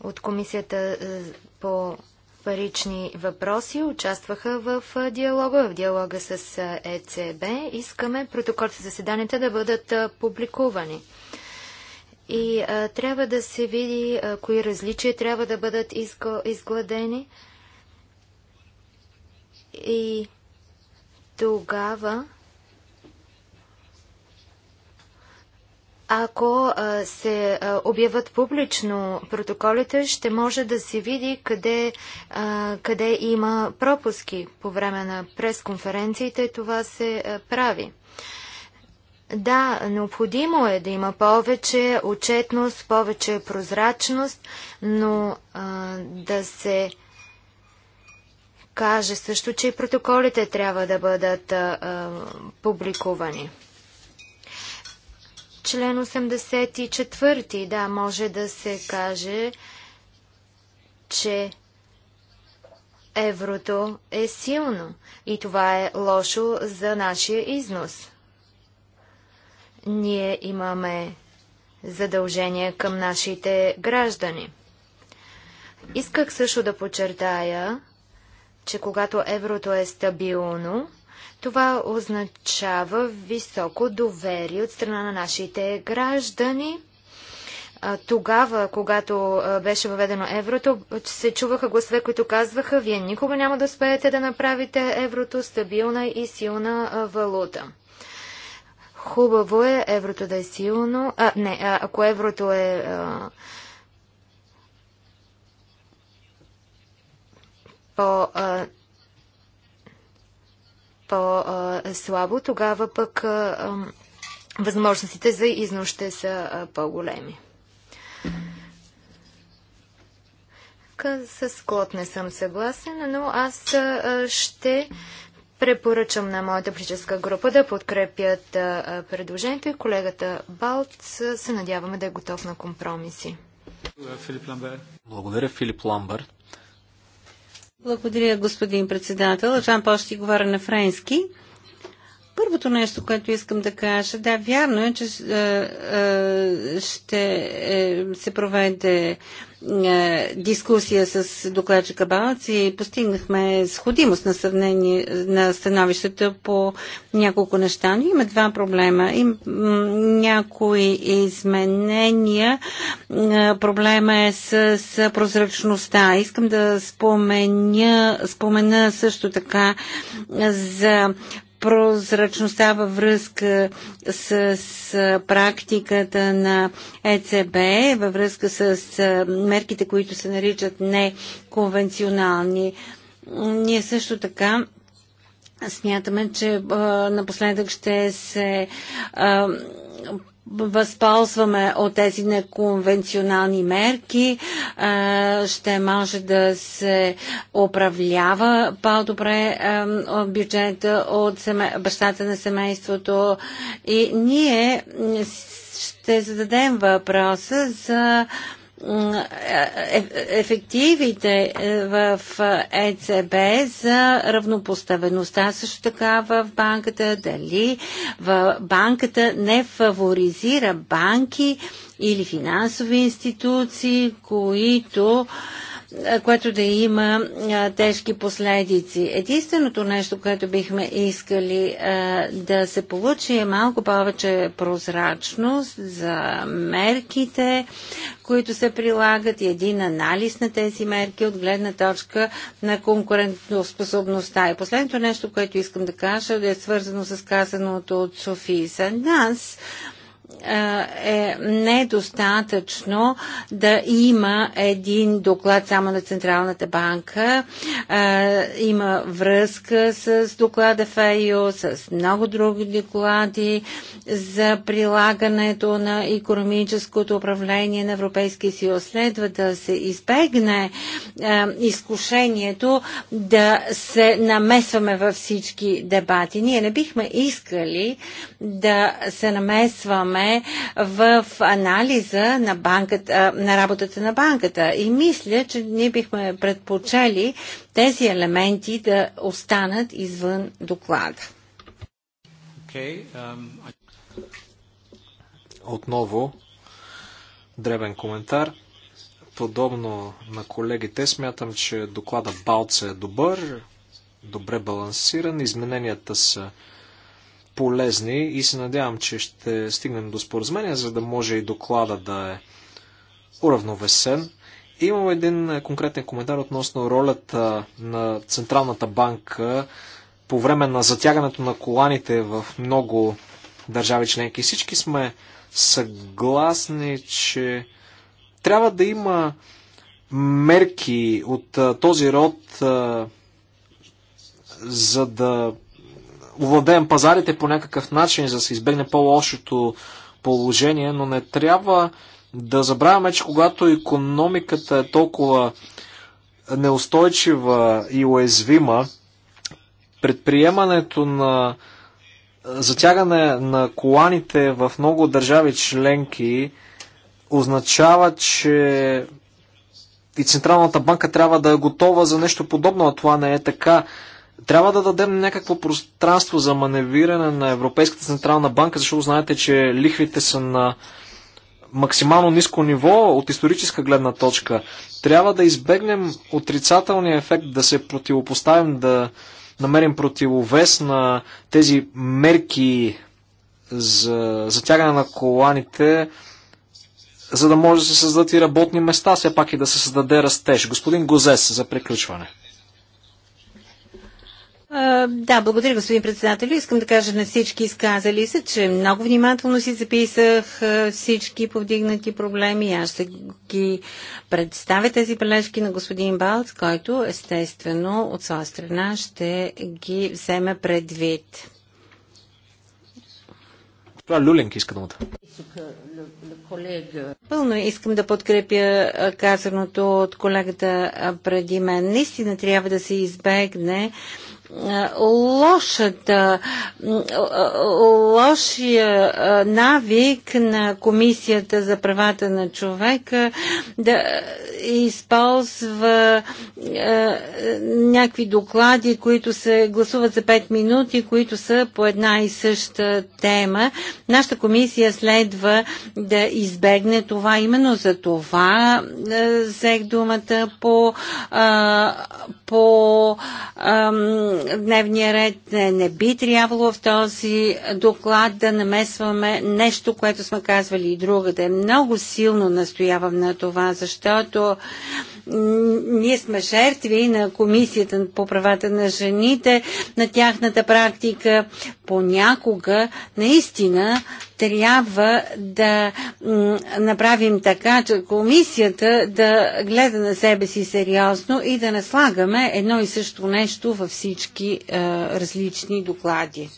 от Комисията по парични въпроси участваха в диалога, в диалога с ЕЦБ. Искаме протоколите за заседанията да бъдат публикувани. И а, трябва да се види а, кои различия трябва да бъдат изго, изгладени. И тогава Ако а, се а, обяват публично протоколите, ще може да се види къде, а, къде има пропуски по време на пресконференциите. Това се а, прави. Да, необходимо е да има повече отчетност, повече прозрачност, но а, да се каже също, че и протоколите трябва да бъдат а, публикувани. Член 84, да, може да се каже, че еврото е силно и това е лошо за нашия износ. Ние имаме задължения към нашите граждани. Исках също да подчертая, че когато еврото е стабилно, това означава високо доверие от страна на нашите граждани. Тогава, когато беше въведено еврото, се чуваха гласове, които казваха, вие никога няма да успеете да направите еврото стабилна и силна валута. Хубаво е еврото да е силно. А, не, ако еврото е а, по а, по-слабо, тогава пък възможностите за износ ще са по-големи. С Клод не съм съгласен, но аз ще препоръчам на моята политическа група да подкрепят предложението и колегата Балт се надяваме да е готов на компромиси. Благодаря, Филип Ламберт. Благодаря, господин председател. Жан Пол ще говоря на френски. Първото нещо, което искам да кажа, да, вярно е, че е, е, ще е, се проведе е, дискусия с докладчика Балац и постигнахме сходимост на сравнение на становището по няколко неща, но има два проблема. Има някои изменения. Е, проблема е с, с прозрачността. Искам да споменя, спомена също така за прозрачността във връзка с, с практиката на ЕЦБ, във връзка с, с мерките, които се наричат неконвенционални. Ние също така смятаме, че а, напоследък ще се а, възползваме от тези неконвенционални мерки, е, ще може да се управлява по-добре е, бюджета от бащата на семейството и ние ще зададем въпроса за е, е, ефективите е, в ЕЦБ за равнопоставеността също така в банката, дали в банката не фаворизира банки или финансови институции, които а, което да има тежки последици. Единственото нещо, което бихме искали да се получи е малко повече прозрачност за мерките, които се прилагат и един анализ на тези мерки от гледна точка на конкурентоспособността. И последното нещо, което искам да кажа, е свързано с казаното от Софи. За нас е, е недостатъчно да има един доклад само на Централната банка. Е, има връзка с доклада ФАИО, с много други доклади за прилагането на економическото управление на Европейския съюз. Следва да се избегне е, изкушението да се намесваме във всички дебати. Ние не бихме искали да се намесваме в анализа на, банката, на работата на банката. И мисля, че ние бихме предпочели тези елементи да останат извън доклада. Okay, um... Отново, дребен коментар подобно на колегите, смятам, че доклада Балца е добър, добре балансиран, измененията са полезни и се надявам, че ще стигнем до споразумение, за да може и доклада да е уравновесен. И имам един конкретен коментар относно ролята на Централната банка по време на затягането на коланите в много държави членки. Всички сме съгласни, че трябва да има мерки от този род, за да овладеем пазарите по някакъв начин, за да се избегне по-лошото положение, но не трябва да забравяме, че когато економиката е толкова неустойчива и уязвима, предприемането на затягане на коланите в много държави членки означава, че и Централната банка трябва да е готова за нещо подобно, а това не е така. Трябва да дадем някакво пространство за маневриране на Европейската централна банка, защото знаете, че лихвите са на максимално ниско ниво от историческа гледна точка. Трябва да избегнем отрицателния ефект, да се противопоставим, да намерим противовес на тези мерки за затягане на коланите, за да може да се създадат и работни места, все пак и да се създаде растеж. Господин Гозес, за приключване. Да, благодаря, господин председател. Искам да кажа на всички изказали се, че много внимателно си записах всички повдигнати проблеми. Аз ще ги представя тези бележки на господин Балц, който естествено от своя страна ще ги вземе предвид. Това е Люленки иска думата. Пълно искам да подкрепя казаното от колегата преди мен. Наистина трябва да се избегне лошата, лошия навик на Комисията за правата на човека да използва някакви доклади, които се гласуват за 5 минути, които са по една и съща тема. Нашата комисия следва да избегне това. Именно за това взех думата по, по дневния ред. Не би трябвало в този доклад да намесваме нещо, което сме казвали и другаде. Много силно настоявам на това, защото ние сме жертви на Комисията по правата на жените, на тяхната практика. Понякога наистина трябва да направим така, че комисията да гледа на себе си сериозно и да наслагаме едно и също нещо във всички е, различни доклади.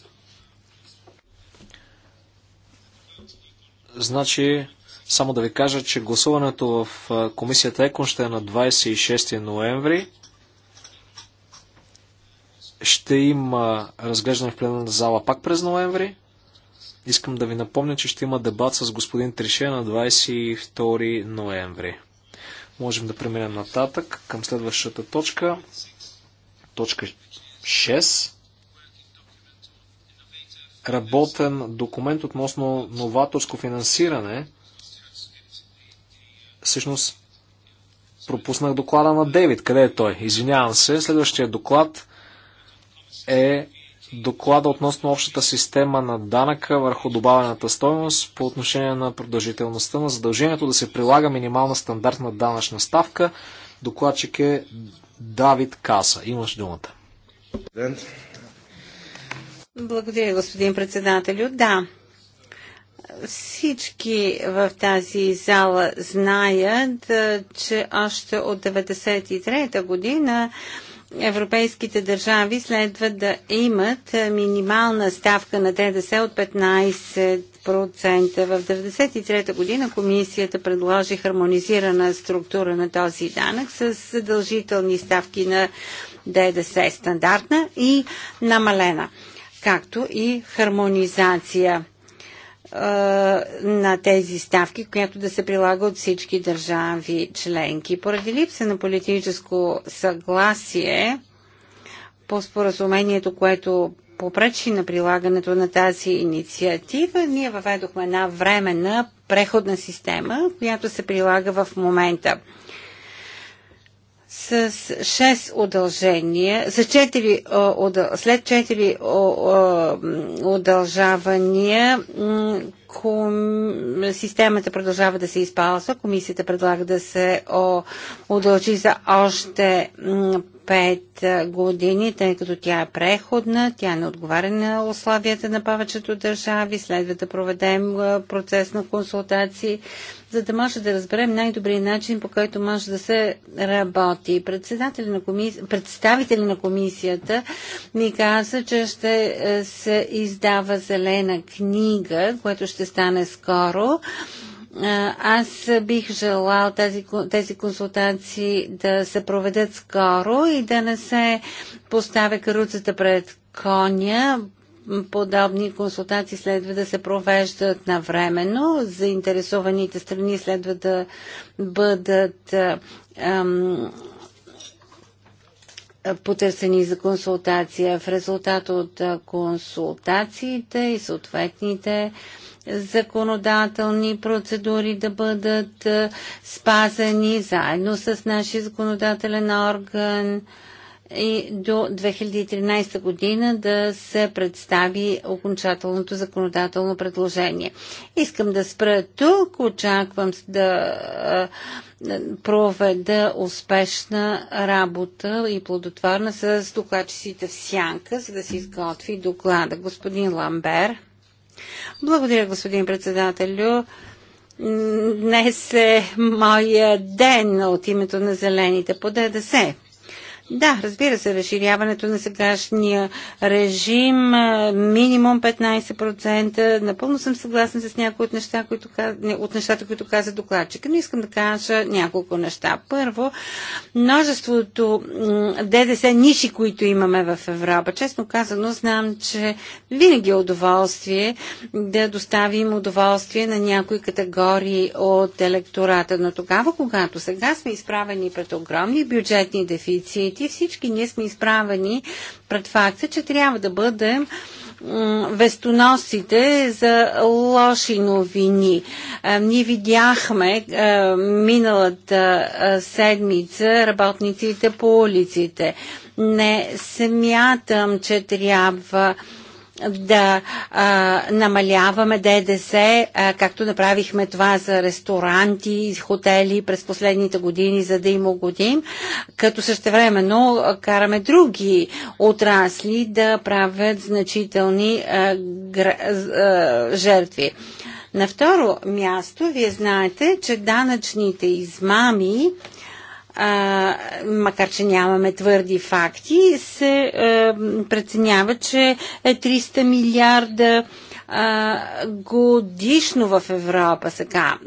Значи, само да ви кажа, че гласуването в комисията ЕКОН ще е на 26 ноември. Ще има разглеждане в пленната зала пак през ноември. Искам да ви напомня, че ще има дебат с господин Трише на 22 ноември. Можем да преминем нататък към следващата точка. Точка 6. Работен документ относно новаторско финансиране – Всъщност, пропуснах доклада на Дейвид. Къде е той? Извинявам се. Следващия доклад е доклада относно общата система на данъка върху добавената стоеност по отношение на продължителността на задължението да се прилага минимална стандартна данъчна ставка. Докладчик е Давид Каса. Имаш думата. Благодаря, господин председателю. Да, всички в тази зала знаят, че още от 1993 година европейските държави следва да имат минимална ставка на ДДС от 15%. В 1993 година комисията предложи хармонизирана структура на този данък с задължителни ставки на ДДС стандартна и намалена, както и хармонизация на тези ставки, която да се прилага от всички държави членки. Поради липса на политическо съгласие по споразумението, което попречи на прилагането на тази инициатива, ние въведохме една временна преходна система, която се прилага в момента с 6 удължения, за 4, след 4 удължавания системата продължава да се изпалства. Комисията предлага да се удължи за още 5 години, тъй като тя е преходна, тя не отговаря на условията на повечето държави. Следва да проведем процес на консултации за да може да разберем най-добрия начин, по който може да се работи. Председател на комис... на комисията ми каза, че ще е, се издава зелена книга, която ще стане скоро. Е, аз бих желал тези, тези консултации да се проведат скоро и да не се поставя каруцата пред коня подобни консултации следва да се провеждат навременно. Заинтересованите страни следва да бъдат ам, потърсени за консултация. В резултат от консултациите и съответните законодателни процедури да бъдат спазени заедно с нашия законодателен орган и до 2013 година да се представи окончателното законодателно предложение. Искам да спра тук, очаквам да проведа успешна работа и плодотворна с докладчиците в сянка, за да се изготви доклада. Господин Ламбер. Благодаря, господин председателю. Днес е моя ден от името на зелените по ДДС. Да, разбира се, разширяването на сегашния режим, минимум 15%. Напълно съм съгласна с някои от, неща, които, от нещата, които каза докладчика, но искам да кажа няколко неща. Първо, множеството ДДС ниши, които имаме в Европа. Честно казано, знам, че винаги е удоволствие да доставим удоволствие на някои категории от електората. Но тогава, когато сега сме изправени пред огромни бюджетни дефицити, развитие, всички ние сме изправени пред факта, че трябва да бъдем вестоносите за лоши новини. Е, ние видяхме е, миналата е, седмица работниците по улиците. Не смятам, че трябва да а, намаляваме ДДС, а, както направихме това за ресторанти, хотели през последните години, за да им угодим, като същевременно караме други отрасли да правят значителни а, гр... а, жертви. На второ място, вие знаете, че данъчните измами а, а, макар че нямаме твърди факти, се а, е, преценява, че 300 е милиарда годишно в Европа сега.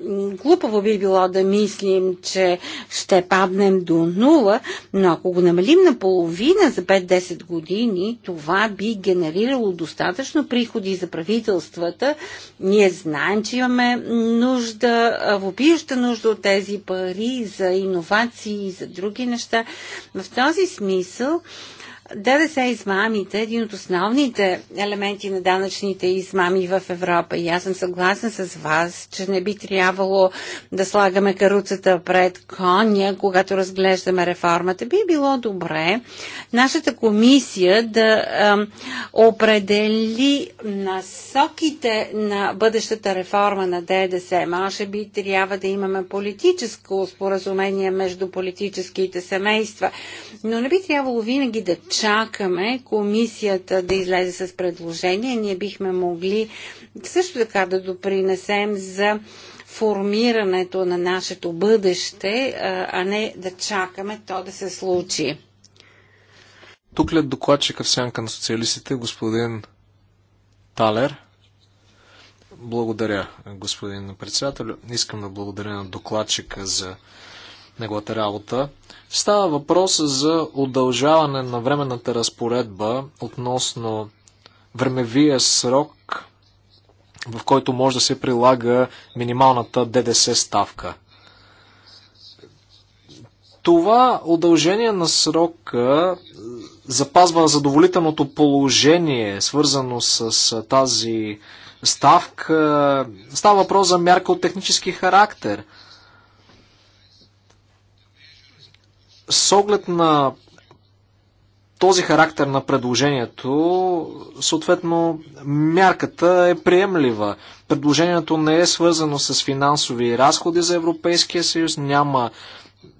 Глупаво би било да мислим, че ще паднем до нула, но ако го намалим на половина за 5-10 години, това би генерирало достатъчно приходи за правителствата. Ние знаем, че имаме нужда, вопиеща нужда от тези пари за иновации и за други неща. В този смисъл, ДДС измамите е един от основните елементи на данъчните измами в Европа. И аз съм съгласен с вас, че не би трябвало да слагаме каруцата пред коня, когато разглеждаме реформата. Би било добре нашата комисия да ем, определи насоките на бъдещата реформа на ДДС. Може би трябва да имаме политическо споразумение между политическите семейства, но не би трябвало винаги да чакаме комисията да излезе с предложение. Ние бихме могли също така да допринесем за формирането на нашето бъдеще, а не да чакаме то да се случи. Тук след докладчика в сянка на социалистите, господин Талер. Благодаря, господин председател. Искам да благодаря на докладчика за неговата работа. Става въпрос за удължаване на временната разпоредба относно времевия срок, в който може да се прилага минималната ДДС ставка. Това удължение на срока запазва задоволителното положение, свързано с тази ставка. Става въпрос за мярка от технически характер – С оглед на този характер на предложението, съответно, мярката е приемлива. Предложението не е свързано с финансови разходи за Европейския съюз, няма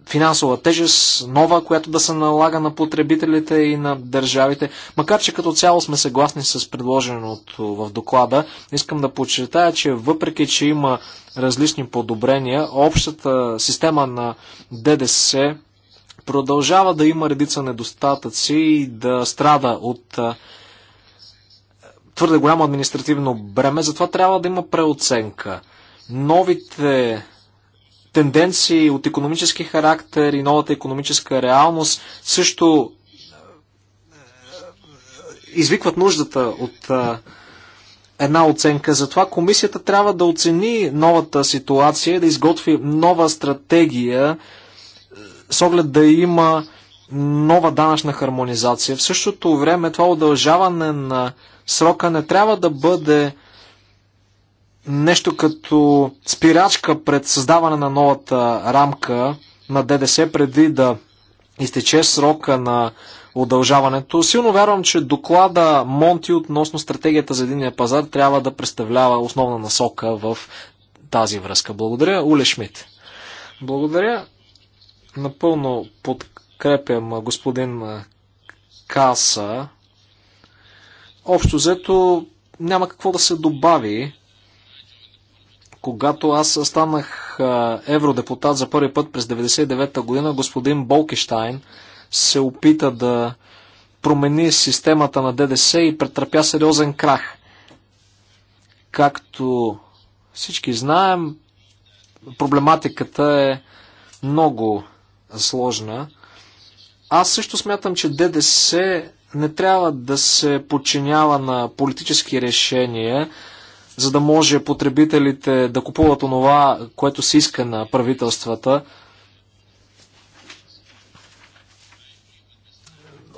финансова тежест, нова, която да се налага на потребителите и на държавите. Макар, че като цяло сме съгласни с предложеното в доклада, искам да подчертая, че въпреки, че има различни подобрения, общата система на ДДС продължава да има редица недостатъци и да страда от твърде голямо административно бреме, затова трябва да има преоценка. Новите тенденции от економически характер и новата економическа реалност също извикват нуждата от една оценка. Затова комисията трябва да оцени новата ситуация, да изготви нова стратегия с оглед да има нова данъчна хармонизация. В същото време това удължаване на срока не трябва да бъде нещо като спирачка пред създаване на новата рамка на ДДС преди да изтече срока на удължаването. Силно вярвам, че доклада Монти относно стратегията за единия пазар трябва да представлява основна насока в тази връзка. Благодаря, Уле Шмидт. Благодаря. Напълно подкрепям господин Каса. Общо взето няма какво да се добави. Когато аз станах евродепутат за първи път през 1999 година, господин Болкиштайн се опита да промени системата на ДДС и претърпя сериозен крах. Както всички знаем, проблематиката е много сложна. Аз също смятам, че ДДС не трябва да се подчинява на политически решения, за да може потребителите да купуват онова, което се иска на правителствата.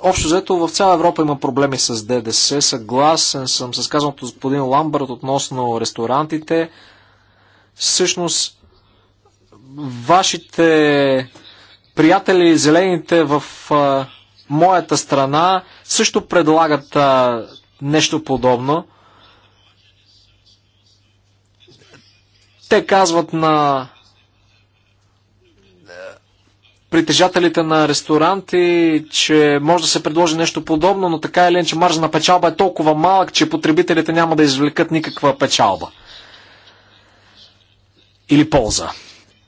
Общо взето в цяла Европа има проблеми с ДДС. Съгласен съм с казаното господин Ламбърт относно ресторантите. Всъщност, вашите приятели зелените в а, моята страна също предлагат а, нещо подобно. Те казват на притежателите на ресторанти, че може да се предложи нещо подобно, но така или е иначе маржа на печалба е толкова малък, че потребителите няма да извлекат никаква печалба. Или полза.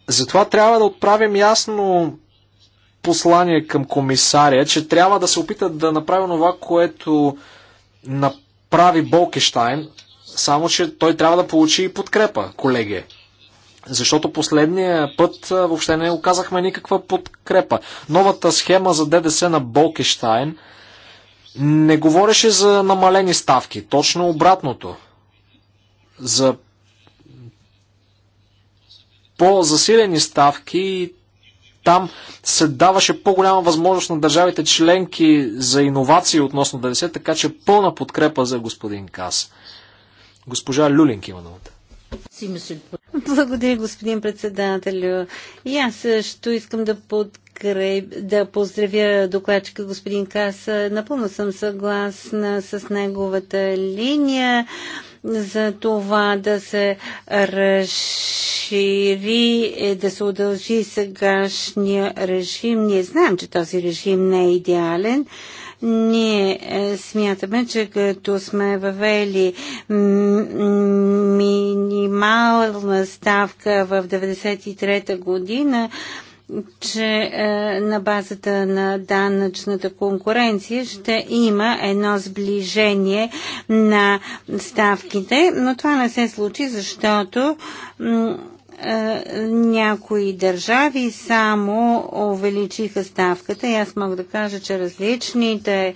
Затова трябва да отправим ясно послание към комисаря, че трябва да се опита да направи това, което направи Болкештайн, само че той трябва да получи и подкрепа, колеги. Защото последния път въобще не оказахме никаква подкрепа. Новата схема за ДДС на Болкештайн не говореше за намалени ставки, точно обратното. За по-засилени ставки и там се даваше по-голяма възможност на държавите членки за иновации относно ДДС, така че пълна подкрепа за господин Кас. Госпожа Люлинг има думата. Благодаря, господин председателю. И аз също искам да, подкреп... да поздравя докладчика господин Каса. Напълно съм съгласна с неговата линия за това да се разшири, е, да се удължи сегашния режим. Ние знаем, че този режим не е идеален. Ние е, смятаме, че като сме въвели минимална ставка в 1993 година, че е, на базата на данъчната конкуренция ще има едно сближение на ставките, но това не се случи, защото е, някои държави само увеличиха ставката и аз мога да кажа, че различните е,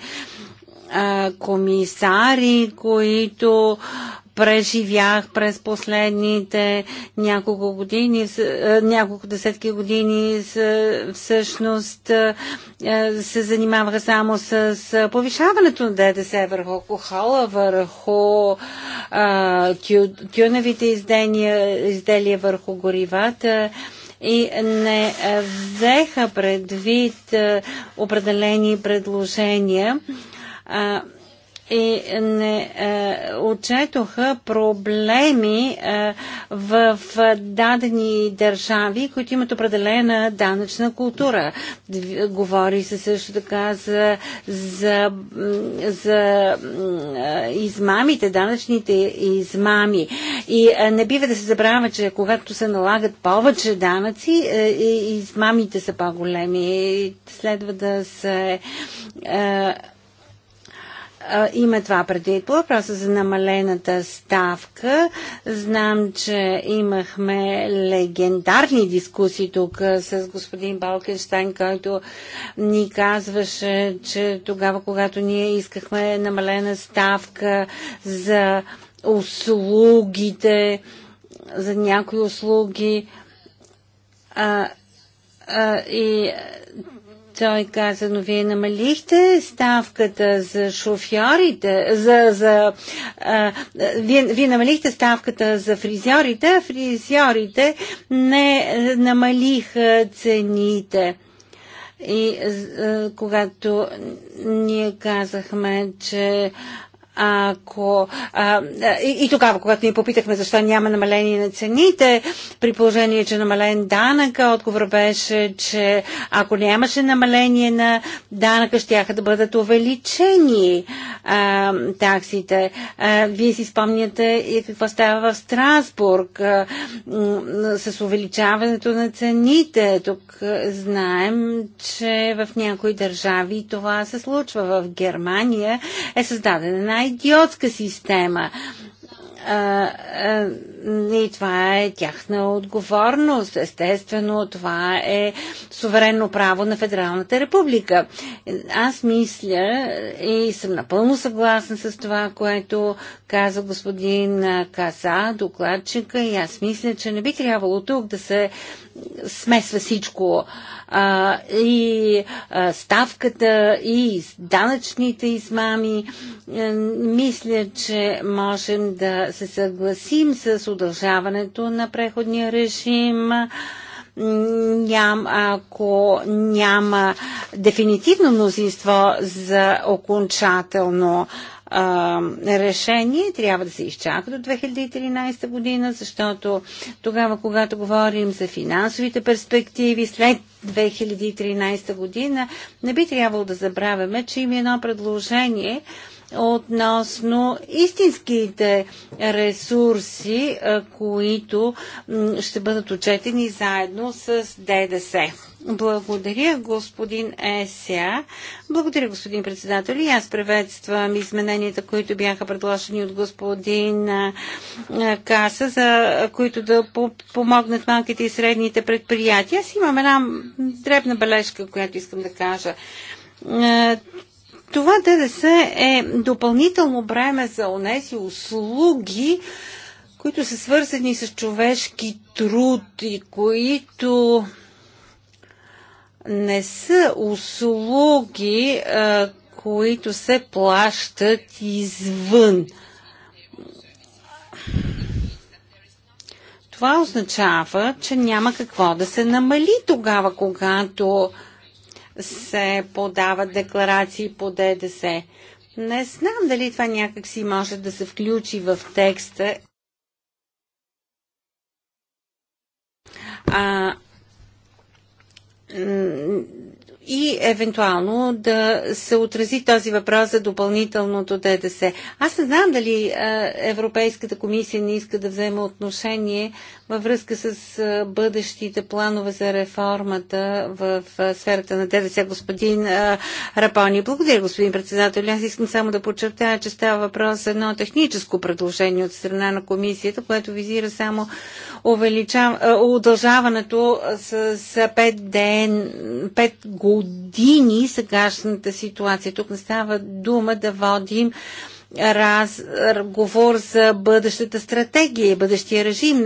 комисари, които преживях през последните няколко години, е, няколко десетки години всъщност е, е, се занимаваха само с повишаването на ДДС върху алкохола, върху тюневите изделия, изделия върху горивата и не взеха предвид определени предложения и не е, отчетоха проблеми е, в, в дадени държави, които имат определена данъчна култура. Говори се също така за, за, за е, измамите, данъчните измами. И е, не бива да се забравя, че когато се налагат повече данъци, е, измамите са по-големи. Следва да се. Е, има това предвид. По въпроса за намалената ставка, знам, че имахме легендарни дискусии тук с господин Балкенштайн, който ни казваше, че тогава, когато ние искахме намалена ставка за услугите, за някои услуги, а, а, и той каза, но вие намалихте ставката за шофьорите, за, за, а, вие, вие намалихте ставката за фризьорите, а фризьорите не намалиха цените. И а, когато ние казахме, че ако, а, и, и тогава, когато ние попитахме защо няма намаление на цените, при положение, че намален данъка, отговор беше, че ако нямаше намаление на данъка, ще да бъдат увеличени а, таксите. А, вие си спомняте и какво става в Страсбург а, с увеличаването на цените. Тук знаем, че в някои държави това се случва. В Германия е създадена една идиотска система. И това е тяхна отговорност. Естествено, това е суверенно право на Федералната република. Аз мисля и съм напълно съгласна с това, което каза господин Каса, докладчика, и аз мисля, че не би трябвало тук да се смесва всичко. А, и а, ставката, и данъчните измами. А, е, мисля, че можем да се съгласим с удължаването на преходния режим. ням, ако няма дефинитивно мнозинство за окончателно а, решение трябва да се изчака до 2013 година, защото тогава, когато говорим за финансовите перспективи след 2013 година, не би трябвало да забравяме, че има едно предложение, относно истинските ресурси, които ще бъдат отчетени заедно с ДДС. Благодаря, господин Еся. Благодаря, господин председател. И аз приветствам измененията, които бяха предложени от господин Каса, за които да помогнат малките и средните предприятия. Аз имам една дребна бележка, която искам да кажа това ДДС е допълнително бреме за онези услуги, които са свързани с човешки труд и които не са услуги, които се плащат извън. Това означава, че няма какво да се намали тогава, когато се подават декларации по ДДС. Не знам дали това някакси може да се включи в текста. А, евентуално да се отрази този въпрос за допълнителното ДДС. Аз не знам дали е, Европейската комисия не иска да вземе отношение във връзка с е, бъдещите планове за реформата в е, сферата на ДДС, господин Рапони. Благодаря, господин председател. Аз искам само да подчертая, че става въпрос за едно техническо предложение от страна на комисията, което визира само удължаването с 5, ден, 5 години сегашната ситуация. Тук не става дума да водим разговор за бъдещата стратегия и бъдещия режим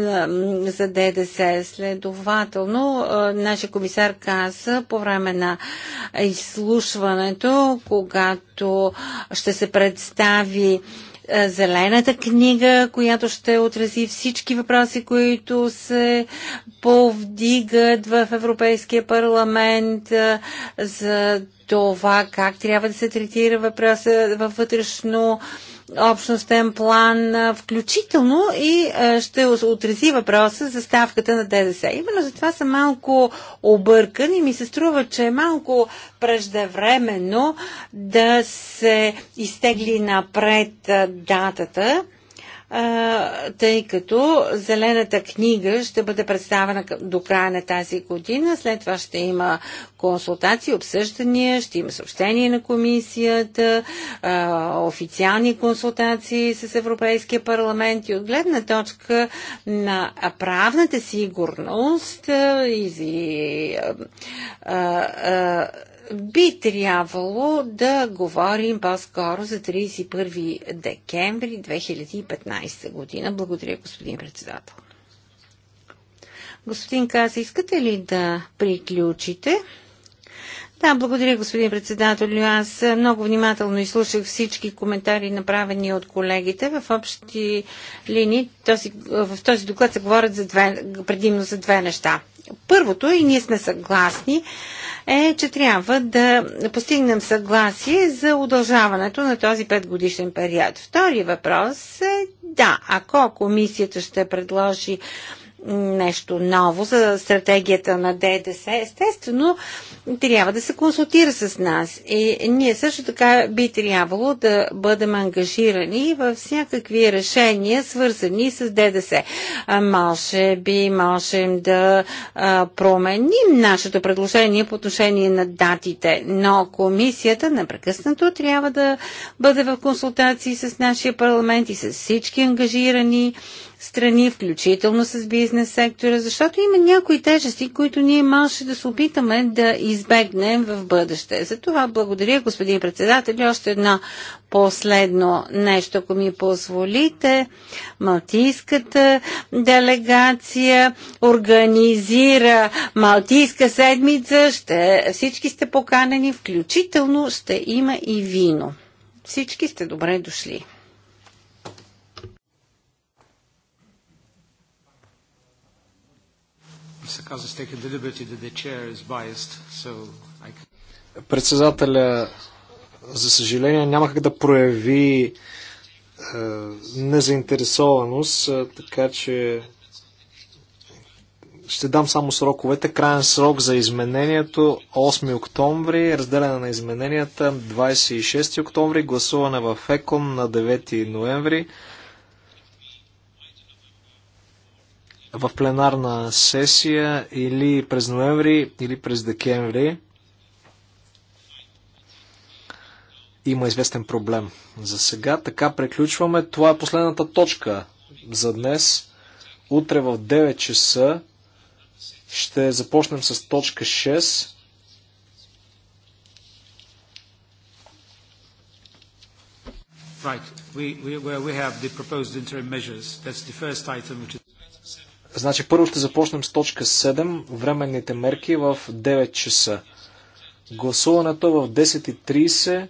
за ДДС. Следователно, нашия комисар каза по време на изслушването, когато ще се представи е, зелената книга, която ще отрази всички въпроси, които се повдигат в Европейския парламент е, за това как трябва да се третира въпроса във вътрешно общностен план, включително и ще отрази въпроса за ставката на ДДС. Именно затова съм малко объркан и ми се струва, че е малко преждевременно да се изтегли напред датата тъй като Зелената книга ще бъде представена до края на тази година. След това ще има консултации, обсъждания, ще има съобщение на комисията, официални консултации с Европейския парламент и от гледна точка на правната сигурност и би трябвало да говорим по-скоро за 31 декември 2015 година. Благодаря, господин председател. Господин Каза, искате ли да приключите? Да, благодаря, господин председател. Аз много внимателно изслушах всички коментари, направени от колегите. В общи линии този, в този доклад се говорят за две, предимно за две неща. Първото, и ние сме съгласни, е, че трябва да постигнем съгласие за удължаването на този петгодишен период. Втори въпрос е, да, ако комисията ще предложи нещо ново за стратегията на ДДС, естествено трябва да се консултира с нас. И ние също така би трябвало да бъдем ангажирани във всякакви решения, свързани с ДДС. може би можем да променим нашето предложение по отношение на датите, но комисията непрекъснато трябва да бъде в консултации с нашия парламент и с всички ангажирани страни, включително с бизнес сектора, защото има някои тежести, които ние малше да се опитаме да избегнем в бъдеще. За това благодаря, господин председател. И още едно последно нещо, ако ми позволите. Малтийската делегация организира Малтийска седмица. Ще, всички сте поканени, включително ще има и вино. Всички сте добре дошли. Председателя, за съжаление, няма как да прояви е, незаинтересованост, е, така че ще дам само сроковете. Крайен срок за изменението 8 октомври, разделена на измененията 26 октомври, гласуване в ЕКОН на 9 ноември. в пленарна сесия или през ноември, или през декември. Има известен проблем за сега. Така приключваме. Това е последната точка за днес. Утре в 9 часа ще започнем с точка 6. Right. We, we, we have the proposed interim measures. That's the first item which is Значи първо ще започнем с точка 7, временните мерки в 9 часа. Гласуването е в 10.30.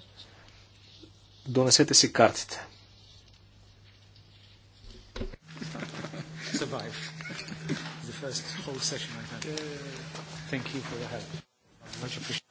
Донесете си картите. Thank you for the help. Much appreciated.